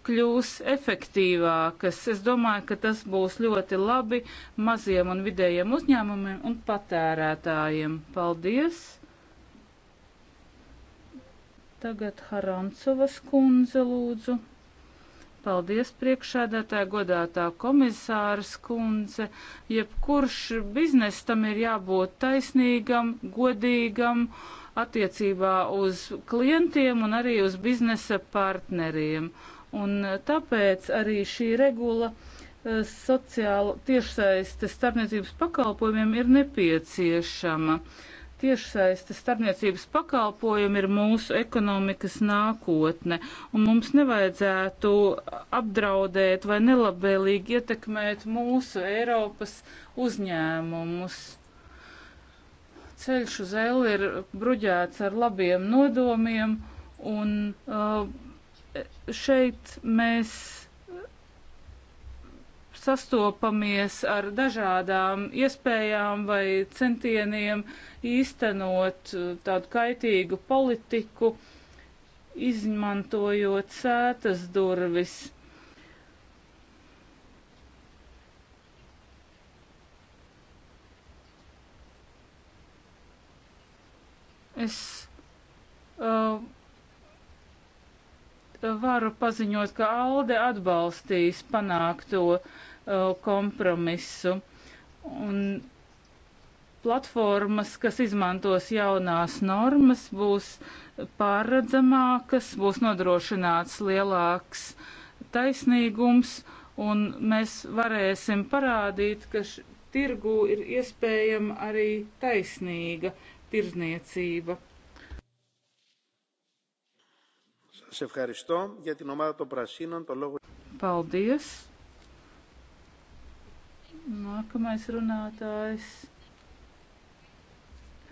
kļūs efektīvākas. Es domāju, ka tas būs ļoti labi maziem un vidējiem uzņēmumiem un patērētājiem. Paldies! Tagad Harancovas kundze lūdzu. Paldies priekšēdētāja godātā komisāras kundze. Jebkurš biznes tam ir jābūt taisnīgam, godīgam attiecībā uz klientiem un arī uz biznesa partneriem. Uh, Un eh, tāpēc arī šī regula eh, sociāla tiešsaistes starpniecības pakalpojumiem ir nepieciešama. Tiešsaistes starpniecības pakalpojumi ir mūsu ekonomikas nākotne, un mums nevajadzētu apdraudēt vai nelabvēlīgi ietekmēt mūsu Eiropas uzņēmumus. Ceļš uz eļu ir bruģēts ar labiem nodomiem, un uh, šeit mēs sastopamies ar dažādām iespējām vai centieniem īstenot uh, tādu kaitīgu politiku, izmantojot sētas durvis. Es uh, varu paziņot, ka Alde atbalstīs panākto uh, kompromisu. Un platformas, kas izmantos jaunās normas, būs pārredzamākas, būs nodrošināts lielāks taisnīgums, un mēs varēsim parādīt, ka tirgu ir iespējama arī taisnīga tirzniecība. Σε ευχαριστώ για την ομάδα των Πρασίνων. Το λόγο... Paldies. Nākamais runātājs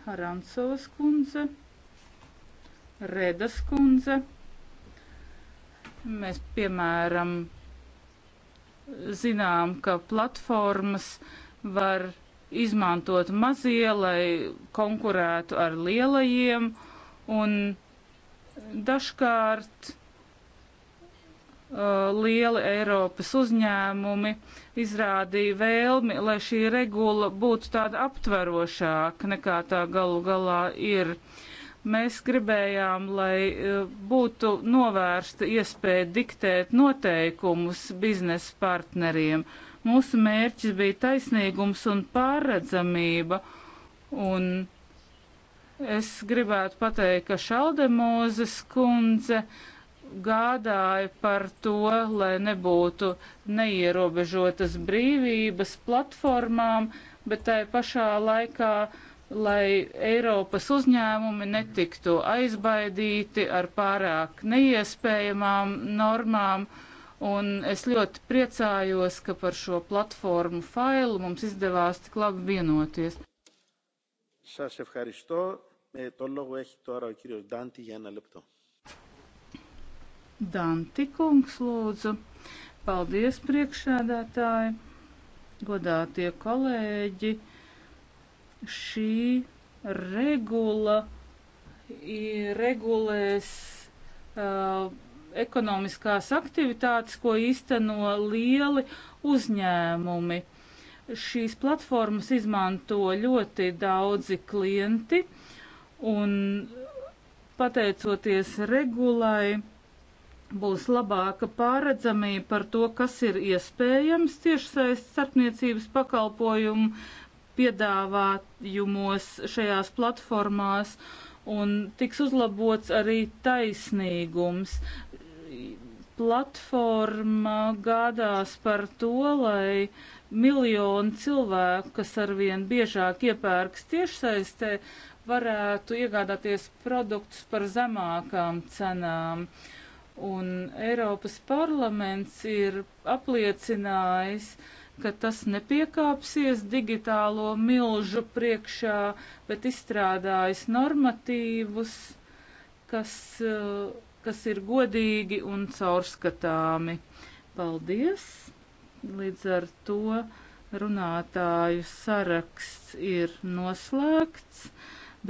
Harantsovas kundze, Redas kundze. Mēs, piemēram, zinām, ka platformas var izmantot mazie, lai konkurētu ar lielajiem, un Dažkārt uh, lieli Eiropas uzņēmumi izrādīja vēlmi, lai šī regula būtu tāda aptverošāka nekā tā galu galā ir. Mēs gribējām, lai uh, būtu novērsta iespēja diktēt noteikumus biznesa partneriem. Mūsu mērķis bija taisnīgums un pārredzamība. Un Es gribētu pateikt, ka Šaldemozes kundze gādāja par to, lai nebūtu neierobežotas brīvības platformām, bet tai pašā laikā, lai Eiropas uzņēmumi netiktu aizbaidīti ar pārāk neiespējamām normām. Un es ļoti priecājos, ka par šo platformu failu mums izdevās tik labi vienoties. Σας ευχαριστώ. Ε, το λόγο έχει τώρα ο κύριος Ντάντι για ένα λεπτό. Danti kungs lūdzu. Paldies priekšsēdētāji, godātie kolēģi. Šī regula regulēs uh, ekonomiskās aktivitātes, ko īsteno lieli uzņēmumi. Šīs platformas izmanto ļoti daudzi klienti un pateicoties regulai būs labāka pāredzamība par to, kas ir iespējams tiešsaistes starpniecības pakalpojumu piedāvājumos šajās platformās un tiks uzlabots arī taisnīgums. Platforma gādās par to, lai miljonu cilvēku, kas arvien biežāk iepērks tiešsaistē, varētu iegādāties produktus par zemākām cenām. Un Eiropas parlaments ir apliecinājis, ka tas nepiekāpsies digitālo milžu priekšā, bet izstrādājis normatīvus, kas, eh, kas ir godīgi un caurskatāmi. Paldies! Līdz ar to runātāju saraksts ir noslēgts.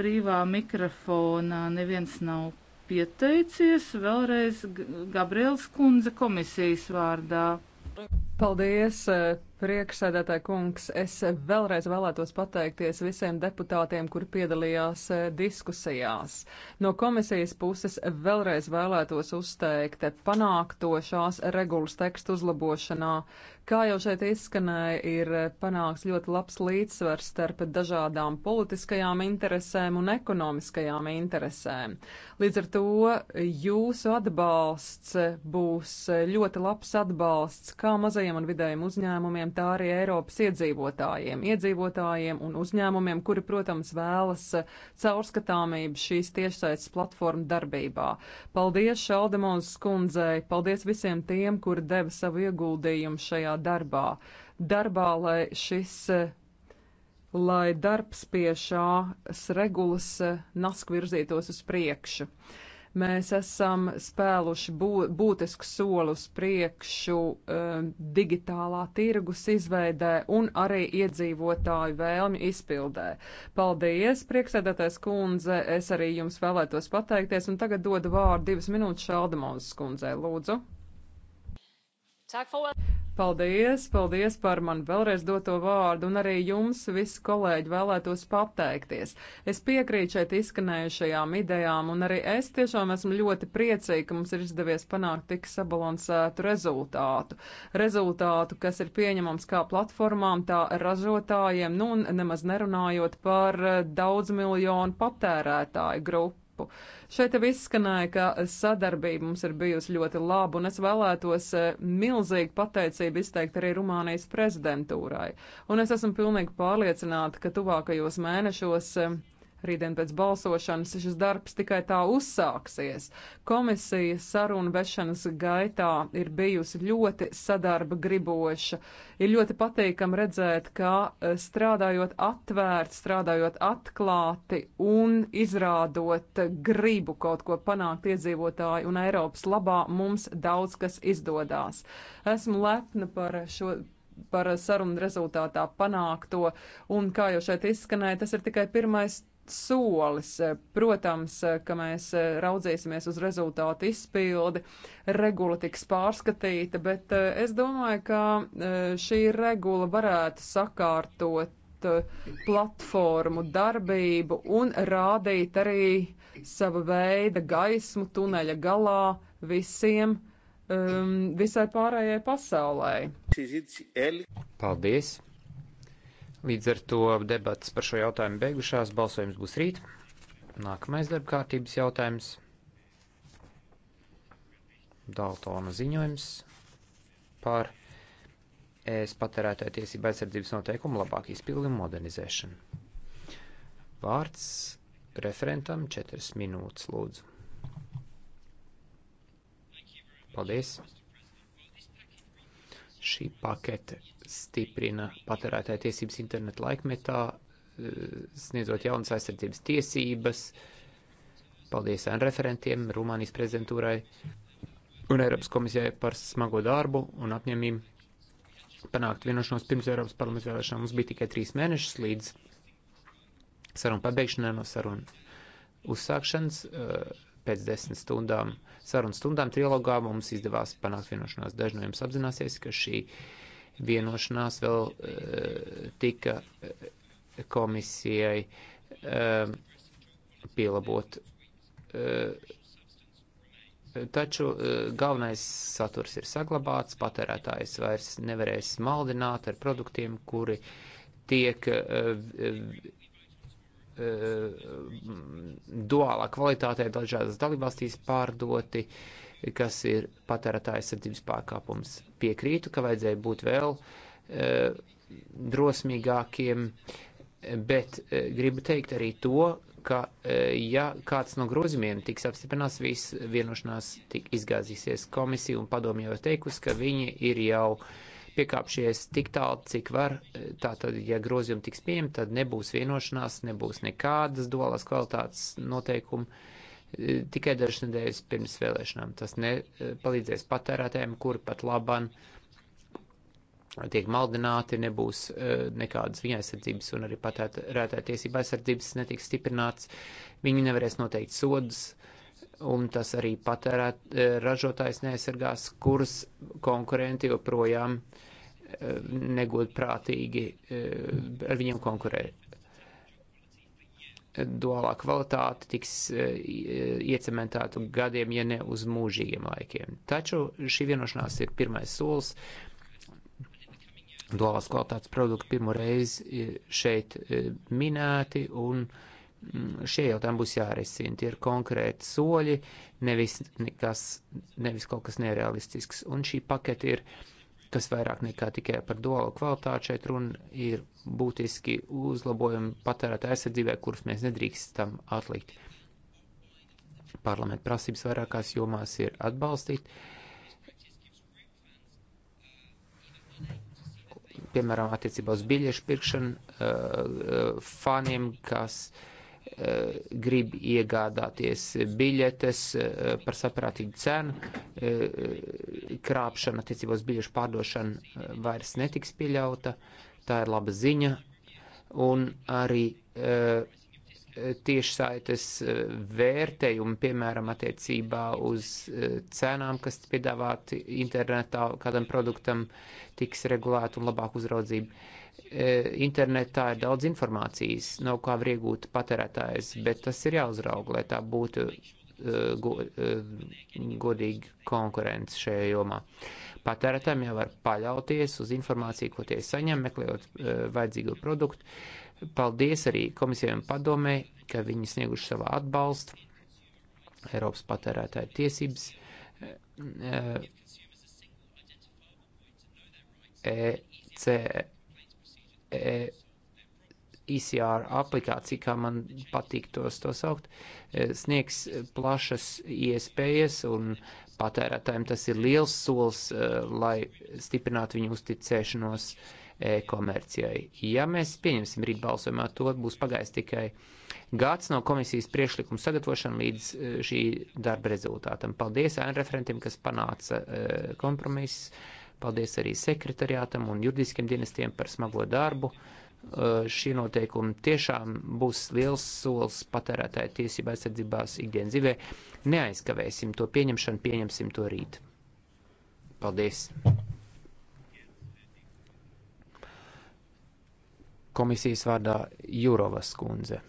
Brīvā mikrofonā neviens nav pieteicies. Vēlreiz Gabriels Kunze komisijas vārdā. Paldies! Priekšsēdētāji kungs, es vēlreiz vēlētos pateikties visiem deputātiem, kur piedalījās eh, diskusijās. No komisijas puses vēlreiz vēlētos uzteikt panākto šās regulas tekstu uzlabošanā. Kā jau šeit izskanēja, ir panāks ļoti labs līdzsvars starp dažādām politiskajām interesēm un ekonomiskajām interesēm. Līdz ar to jūsu atbalsts būs ļoti labs atbalsts kā mazajiem un vidējiem uzņēmumiem, uzņēmumiem, tā arī Eiropas iedzīvotājiem. Iedzīvotājiem un uzņēmumiem, kuri, protams, vēlas eh, caurskatāmību šīs tiešsaistes platformu darbībā. Paldies Šaldemons skundzei, paldies visiem tiem, kuri deva savu ieguldījumu šajā darbā. Darbā, lai šis eh, lai darbs pie šās regulas eh, nask virzītos uz priekšu. Mēs esam spēluši būtisku soli uz priekšu um, digitālā tirgus izveidē un arī iedzīvotāju vēlmi izpildē. Paldies, prieksēdētais kundze, es arī jums vēlētos pateikties un tagad dodu vārdu divas minūtes Šaldemons kundzei, lūdzu. Tak for Paldies, paldies par man vēlreiz doto vārdu, un arī jums, visi kolēģi, vēlētos pateikties. Es piekrītu šeit izskanējušajām idejām, un arī es tiešām esmu ļoti priecīga, ka mums ir izdevies panākt tik sabalansētu rezultātu. Rezultātu, kas ir pieņemams kā platformām, tā ražotājiem, nu, nemaz nerunājot par daudz miljonu patērētāju grupu lapu. Šeit jau izskanēja, ka sadarbība mums ir bijusi ļoti laba, un es vēlētos eh, milzīgi pateicību izteikt arī Rumānijas prezidentūrai. Un es esmu pilnīgi pārliecināta, ka tuvākajos mēnešos eh, Rītdien pēc balsošanas šis darbs tikai tā uzsāksies. Komisija sarunu vešanas gaitā ir bijusi ļoti sadarba griboša. Ir ļoti patīkam redzēt, ka e, strādājot atvērt, strādājot atklāti un izrādot gribu kaut ko panākt iedzīvotāju un Eiropas labā, mums daudz kas izdodās. Esmu lepna par šo par sarunu rezultātā panākto, un kā jau šeit izskanēja, tas ir tikai pirmais solis. Protams, ka mēs raudzīsimies uz rezultātu izpildi, regula tiks pārskatīta, bet eh, es domāju, ka eh, šī regula varētu sakārtot eh, platformu darbību un rādīt arī sava veida gaismu tuneļa galā visiem, um, visai pārējai pasaulē. Paldies! Līdz ar to debatas par šo jautājumu beigušās. Balsojums būs rīt. Nākamais darba kārtības jautājums. Daltona ziņojums par ES patērētāju tiesību aizsardzības noteikumu labāk izpildu un modernizēšanu. Vārds referentam 4 minūtes lūdzu. Paldies! Šī pakete jāstiprina patērētāja tiesības internetu laikmetā, eh, sniedzot jaunas aizsardzības tiesības. Paldies ēnu referentiem, Rumānijas prezidentūrai un Eiropas komisijai par smago darbu un apņemību panākt vienošanos pirms Eiropas parlamenta vēlēšanām. Mums bija tikai trīs mēnešus līdz sarunu pabeigšanai no sarunu uzsākšanas. Uh, pēc desmit stundām, sarunu stundām trilogā mums izdevās panākt vienošanos. Daži no jums apzināsies, ka šī uh, vienošanās vēl eh, tika eh, komisijai eh, pielabot. Taču galvenais saturs ir saglabāts, patērētājs vairs nevarēs maldināt ar produktiem, kuri tiek duālā kvalitātē dažādās dalībvalstīs pārdoti. Uh, kas ir patērētāja aizsardzības pārkāpums. Piekrītu, ka vajadzēja būt vēl e, drosmīgākiem, bet e, gribu teikt arī to, ka e, ja kāds no grozījumiem tiks apstiprināts, viss vienošanās tik izgāzīsies komisija un padomju jau teikusi, ka viņi ir jau piekāpšies tik tālu, cik var. E, tātad, ja grozījumi tiks pieņemti, tad nebūs vienošanās, nebūs nekādas duālās kvalitātes noteikumu tikai dažas nedēļas pirms vēlēšanām. Tas nepalīdzēs eh, patērētājiem, kuri pat laban tiek maldināti, nebūs eh, nekādas viņa aizsardzības un arī patērētāja tiesība aizsardzības netiks stiprināts. Viņi nevarēs noteikt sodus. Un tas arī patērēt eh, ražotājs neaizsargās, kurus konkurenti joprojām negodprātīgi ar viņiem konkurē duālā kvalitāte tiks eh, iecementēta gadiem, ja ne uz mūžīgiem laikiem. Taču šī vienošanās ir pirmais solis. Duālās kvalitātes produkti pirmo reizi eh, šeit eh, minēti un mm, šie jautājumi būs jārisina. Tie ir konkrēti soļi, nevis, nekas, nevis kaut kas nerealistisks. Un šī pakete ir uh, kas vairāk nekā tikai par duālu kvalitāti šeit runa ir būtiski uzlabojumi patērētāja aizsardzībai, kurus mēs nedrīkstam atlikt. Parlamenta prasības vairākās jomās ir atbalstīt. Piemēram, attiecībā uz biļešu pirkšanu uh, faniem, kas uh, Eh, grib iegādāties biļetes eh, par saprātīgu cenu, eh, krāpšana attiecībos biļešu pārdošana vairs netiks pieļauta, tā ir laba ziņa, un arī tiešsaites vērtējumi, piemēram, attiecībā uz cenām, kas piedāvāti internetā kādam produktam, tiks regulēta un labāk uzraudzība E, internetā ir daudz informācijas, no kā var iegūt patērētājs, bet tas ir jāuzrauga, lai tā būtu e, go, e, godīga konkurence šajā jomā. Patērētājiem jau var paļauties uz informāciju, ko tie saņem, meklējot vajadzīgo produktu. Paldies arī komisijām padomē, ka viņi snieguši savu atbalstu. Eiropas patērētāju tiesības. E, C, ECR e aplikācija, kā man patīk tos to saukt, e, sniegs plašas iespējas un patērētājiem tas ir liels solis, e, lai stiprinātu viņu uzticēšanos e-komercijai. Ja mēs pieņemsim rīt balsojumā, to būs pagājis tikai gads no komisijas priekšlikuma sagatavošana līdz šī darba rezultātam. Paldies ēnu referentiem, kas panāca kompromisu Paldies arī sekretariātam un juridiskiem dienestiem par smago darbu. Eh, šie noteikumi tiešām būs liels solis patērētāju tiesību aizsardzībās ikdienas dzīvē. Neaizkavēsim to pieņemšanu, pieņemsim to rīt. Paldies! Komisijas vārdā Jurovas kundze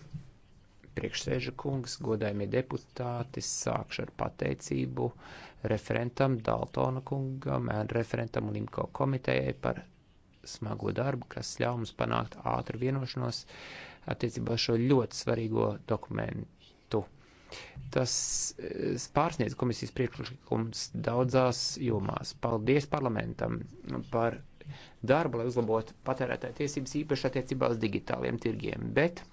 priekšsēža kungs, godājumie deputāti, sākšu ar pateicību referentam Daltona kungam, referentam un IMCO komitejai par smago darbu, kas ļauj mums panākt ātru vienošanos attiecībā šo ļoti svarīgo dokumentu. Tas eh, pārsniedz komisijas priekšlikums daudzās jomās. Paldies parlamentam par darbu, lai uzlabotu patērētāju tiesības īpaši attiecībā uz digitāliem tirgiem, bet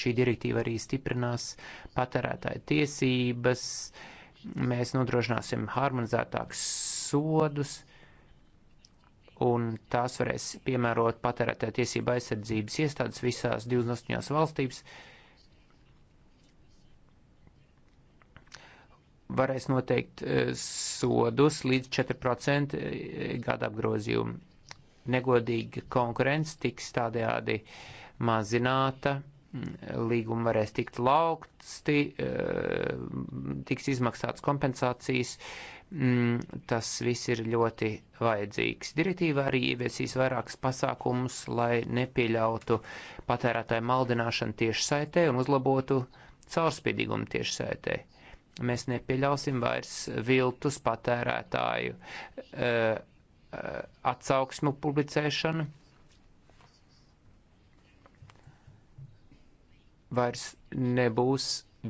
Šī direktīva arī stiprinās patērētāju tiesības, mēs nodrošināsim harmonizētākus sodus, un tās varēs piemērot patērētāju tiesību aizsardzības iestādes visās 28 valstīs. varēs noteikt e, sodus līdz 4% e, gada apgrozījumu. Negodīga konkurence tiks tādējādi mazināta līgumi varēs tikt laukti, eh, tiks izmaksāts kompensācijas. Mm, tas viss ir ļoti vajadzīgs. Direktīva arī ieviesīs vairākus pasākumus, lai nepieļautu patērētāju maldināšanu tiešsaitē un uzlabotu caurspīdīgumu tiešsaitē. Mēs nepieļausim vairs viltus patērētāju eh, eh, atsauksmu publicēšanu vairs nebūs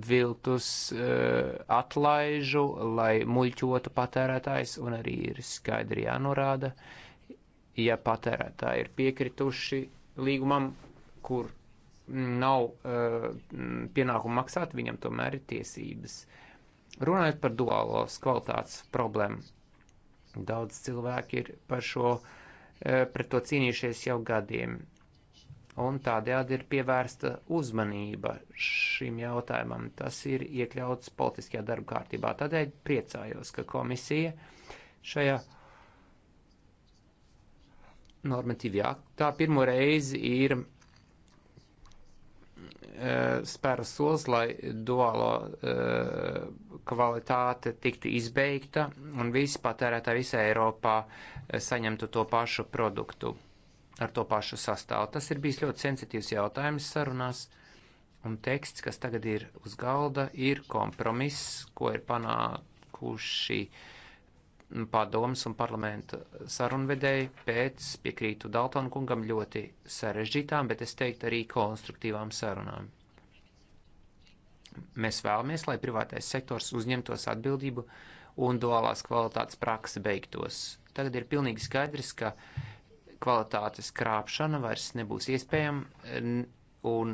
viltus uh, atlaižu, lai muļķotu patērētājs, un arī ir skaidri jānorāda, ja patērētāji ir piekrituši līgumam, kur nav uh, pienākumu maksāt, viņam tomēr ir tiesības. Runājot par duālos kvalitātes problēmu, daudz cilvēki ir par šo, uh, pret to cīnījušies jau gadiem. Uh, un tādējādi ir pievērsta uzmanība šim jautājumam. Tas ir iekļauts politiskajā darba kārtībā. Tādēļ priecājos, ka komisija šajā normatīvajā aktā pirmo reizi ir e, spēra solis, lai duālo e, kvalitāte tiktu izbeigta un visi patērētāji visā Eiropā e, saņemtu to pašu produktu ar to pašu sastāvu. Tas ir bijis ļoti sensitīvs jautājums sarunās, un teksts, kas tagad ir uz galda, ir kompromiss, ko ir panākuši padomas un parlamenta sarunvedēji pēc, piekrītu Daltonu kungam, ļoti sarežģītām, bet es teiktu arī konstruktīvām sarunām. Mēs vēlamies, lai privātais sektors uzņemtos atbildību un duālās kvalitātes praksa beigtos. Tagad ir pilnīgi skaidrs, ka uh, kvalitātes krāpšana vairs nebūs iespējama un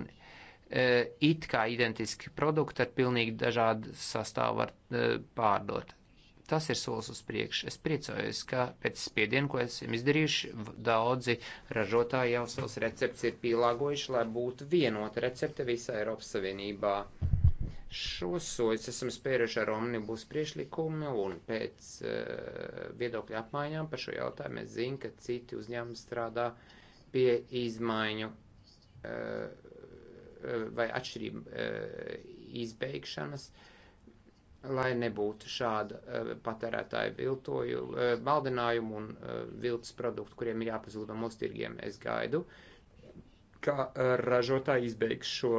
e, it kā identiski produkti ar pilnīgi dažādu sastāvu var e, pārdot. Tas ir solis uz priekšu. Es priecājos, ka pēc spiediena, ko esam izdarījuši, daudzi ražotāji jau savus receptus ir pielāgojuši, lai būtu vienota recepte visā Eiropas Savienībā. Uh, Šos soļus esam spēruši ar omnibus priešlikumu un pēc uh, viedokļa apmaiņām par šo jautājumu es zinu, ka citi uzņēmumi strādā pie izmaiņu uh, vai atšķirību uh, izbeigšanas, lai nebūtu šāda uh, patērētāja viltoju, uh, maldinājumu un uh, viltus produktu, kuriem ir jāpazūda mūsu tirgiem. Es gaidu, ka uh, ražotāji izbeigs šo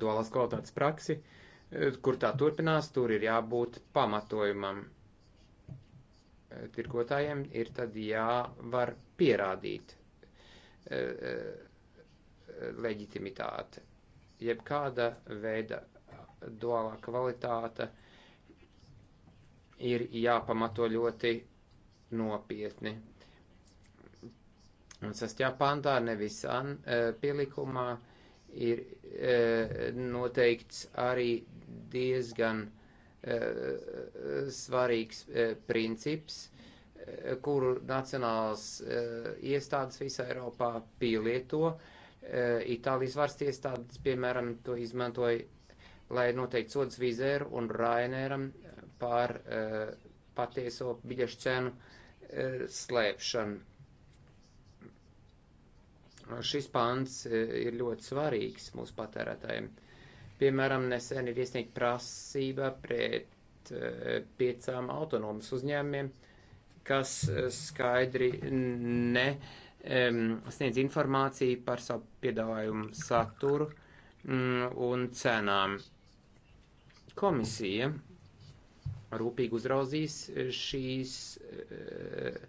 duālās kvalitātes praksi, eh, kur tā turpinās, tur ir jābūt pamatojumam. Eh, tirgotājiem ir tad jāvar pierādīt eh, leģitimitāte. Jebkāda veida duālā kvalitāte ir jāpamato ļoti nopietni. Un sastajā pantā nevis an, pielikumā uh, ir e, noteikts arī diezgan e, svarīgs e, princips, e, kuru nacionālas e, iestādes visā Eiropā pielieto. E, Itālijas varas iestādes, piemēram, to izmantoja, lai noteikti sodas Vizēru un Rainēram par e, patieso biļešu cenu e, slēpšanu Šis pāns e, ir ļoti svarīgs mūsu patērētājiem. Piemēram, nesen ir iesniegta prasība pret e, piecām autonomas uzņēmumiem, kas e, skaidri ne sniedz informāciju par savu piedāvājumu saturu mm, un cenām. Komisija rūpīgi uzraudzīs šīs uh,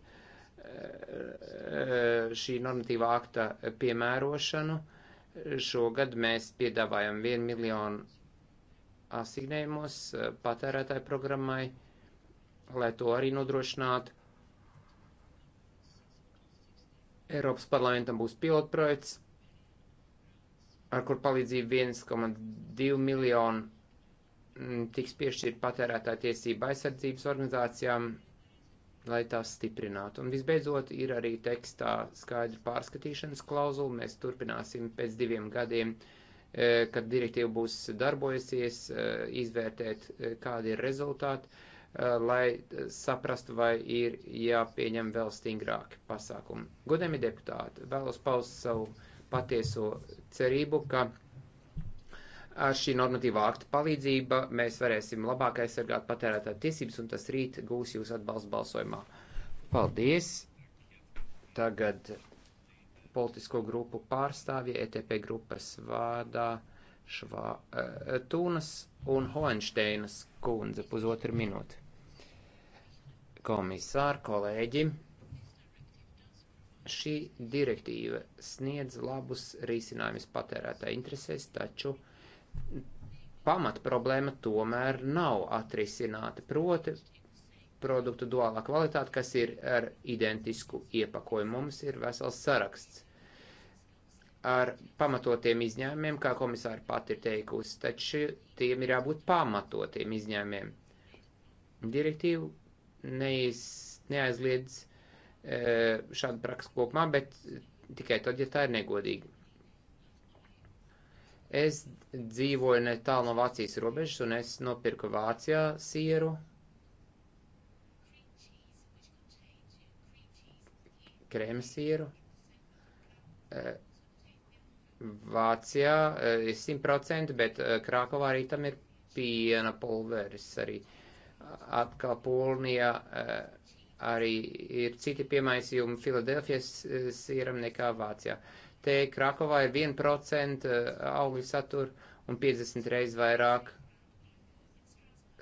Eh, šī normatīvā akta piemērošanu. Šogad mēs piedāvājam 1 miljonu asignējumus eh, patērētāju programmai, lai to arī nodrošinātu. Eiropas parlamentam būs pilotprojekts, ar kur palīdzību 1,2 miljonu mm, tiks piešķirt patērētāju tiesību aizsardzības organizācijām lai tās stiprinātu. Un visbeidzot, ir arī tekstā skaidra pārskatīšanas klauzula. Mēs turpināsim pēc diviem gadiem, eh, kad direktīva būs darbojusies, eh, izvērtēt, eh, kādi ir rezultāti, lai saprastu, vai ir jāpieņem vēl stingrāki pasākumi. Godēmi deputāti, vēlos paust savu patieso cerību, ka Ar šī normatīvā akta palīdzība mēs varēsim labāk aizsargāt patērētāju tiesības, un tas rīt gūs jūs atbalstu balsojumā. Paldies! Tagad politisko grupu pārstāvja ETP grupas vārdā Švā, eh, Tūnas un Hoensteinas kundze pusotru minūti. Komisāri, kolēģi! šī direktīva sniedz labus risinājumus patērētāja interesēs, taču uh, pamat problēma tomēr nav atrisināta, proti produktu duālā kvalitāte, kas ir ar identisku iepakojumu. Mums ir vesels saraksts ar pamatotiem izņēmumiem, kā komisāri pati ir teikusi, taču tiem ir jābūt pamatotiem izņēmumiem. Direktīva neiz, neaizliedz e, šādu praksu kopumā, bet tikai tad, ja tā ir negodīga. Es dzīvoju netālu no Vācijas robežas, un es nopirku Vācijā sieru. Krēmasieru. Eh, Vācijā eh, ir 100%, bet eh, Krākovā arī tam ir piena pulveris arī. Atkal Polnijā arī ir citi piemaisījumi Filadelfijas sieram nekā Vācijā. Uh, Te Krakovā ir 1% eh, augļu satura un 50 reizes vairāk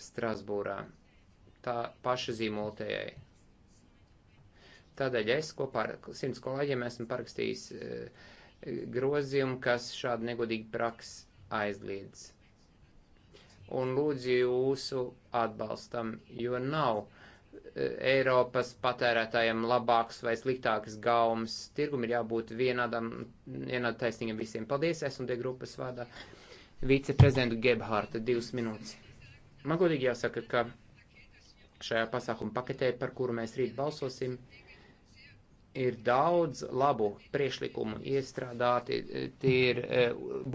Strasbūrā. Tā paša zīmoltējai. Tādēļ es kopā ar simts kolēģiem esmu parakstījis eh, grozījumu, kas šādu negodīgu praksi aizliedz. Un lūdzu jūsu atbalstam, jo nav uh, Eiropas patērētājiem labāks vai sliktāks gaumas. Tirgum ir jābūt vienādam, vienādam taisnīgam visiem. Paldies, es un tie grupas vārdā. Viceprezidentu Gebhārta, divas minūtes. Man godīgi jāsaka, ka šajā pasākuma paketē, par kuru mēs rīt balsosim, ir daudz labu priešlikumu iestrādāti, tie ir e,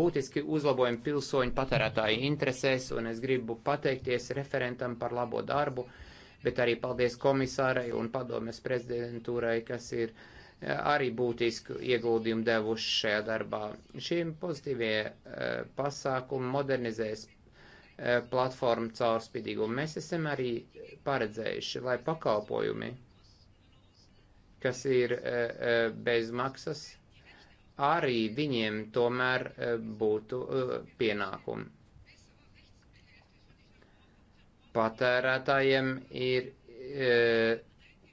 būtiski uzlabojumi pilsoņu patērētāju interesēs, un es gribu pateikties referentam par labo darbu. Uh, bet arī paldies komisārai un padomjas prezidentūrai, kas ir eh, arī būtisku ieguldījumu devuši šajā darbā. Šiem pozitīvie eh, pasākumi modernizēs eh, platformu caurspīdīgumu. Mēs esam arī paredzējuši, lai pakalpojumi, kas ir bez maksas, arī viņiem tomēr būtu pienākumi patērētājiem ir e,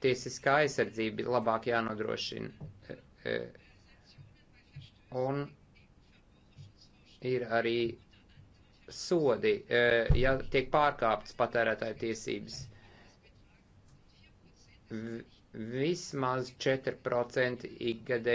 tiesiskā aizsardzība labāk jānodrošina. E, un ir arī sodi, e, ja tiek pārkāptas patērētāju tiesības. V, vismaz 4% ikgadē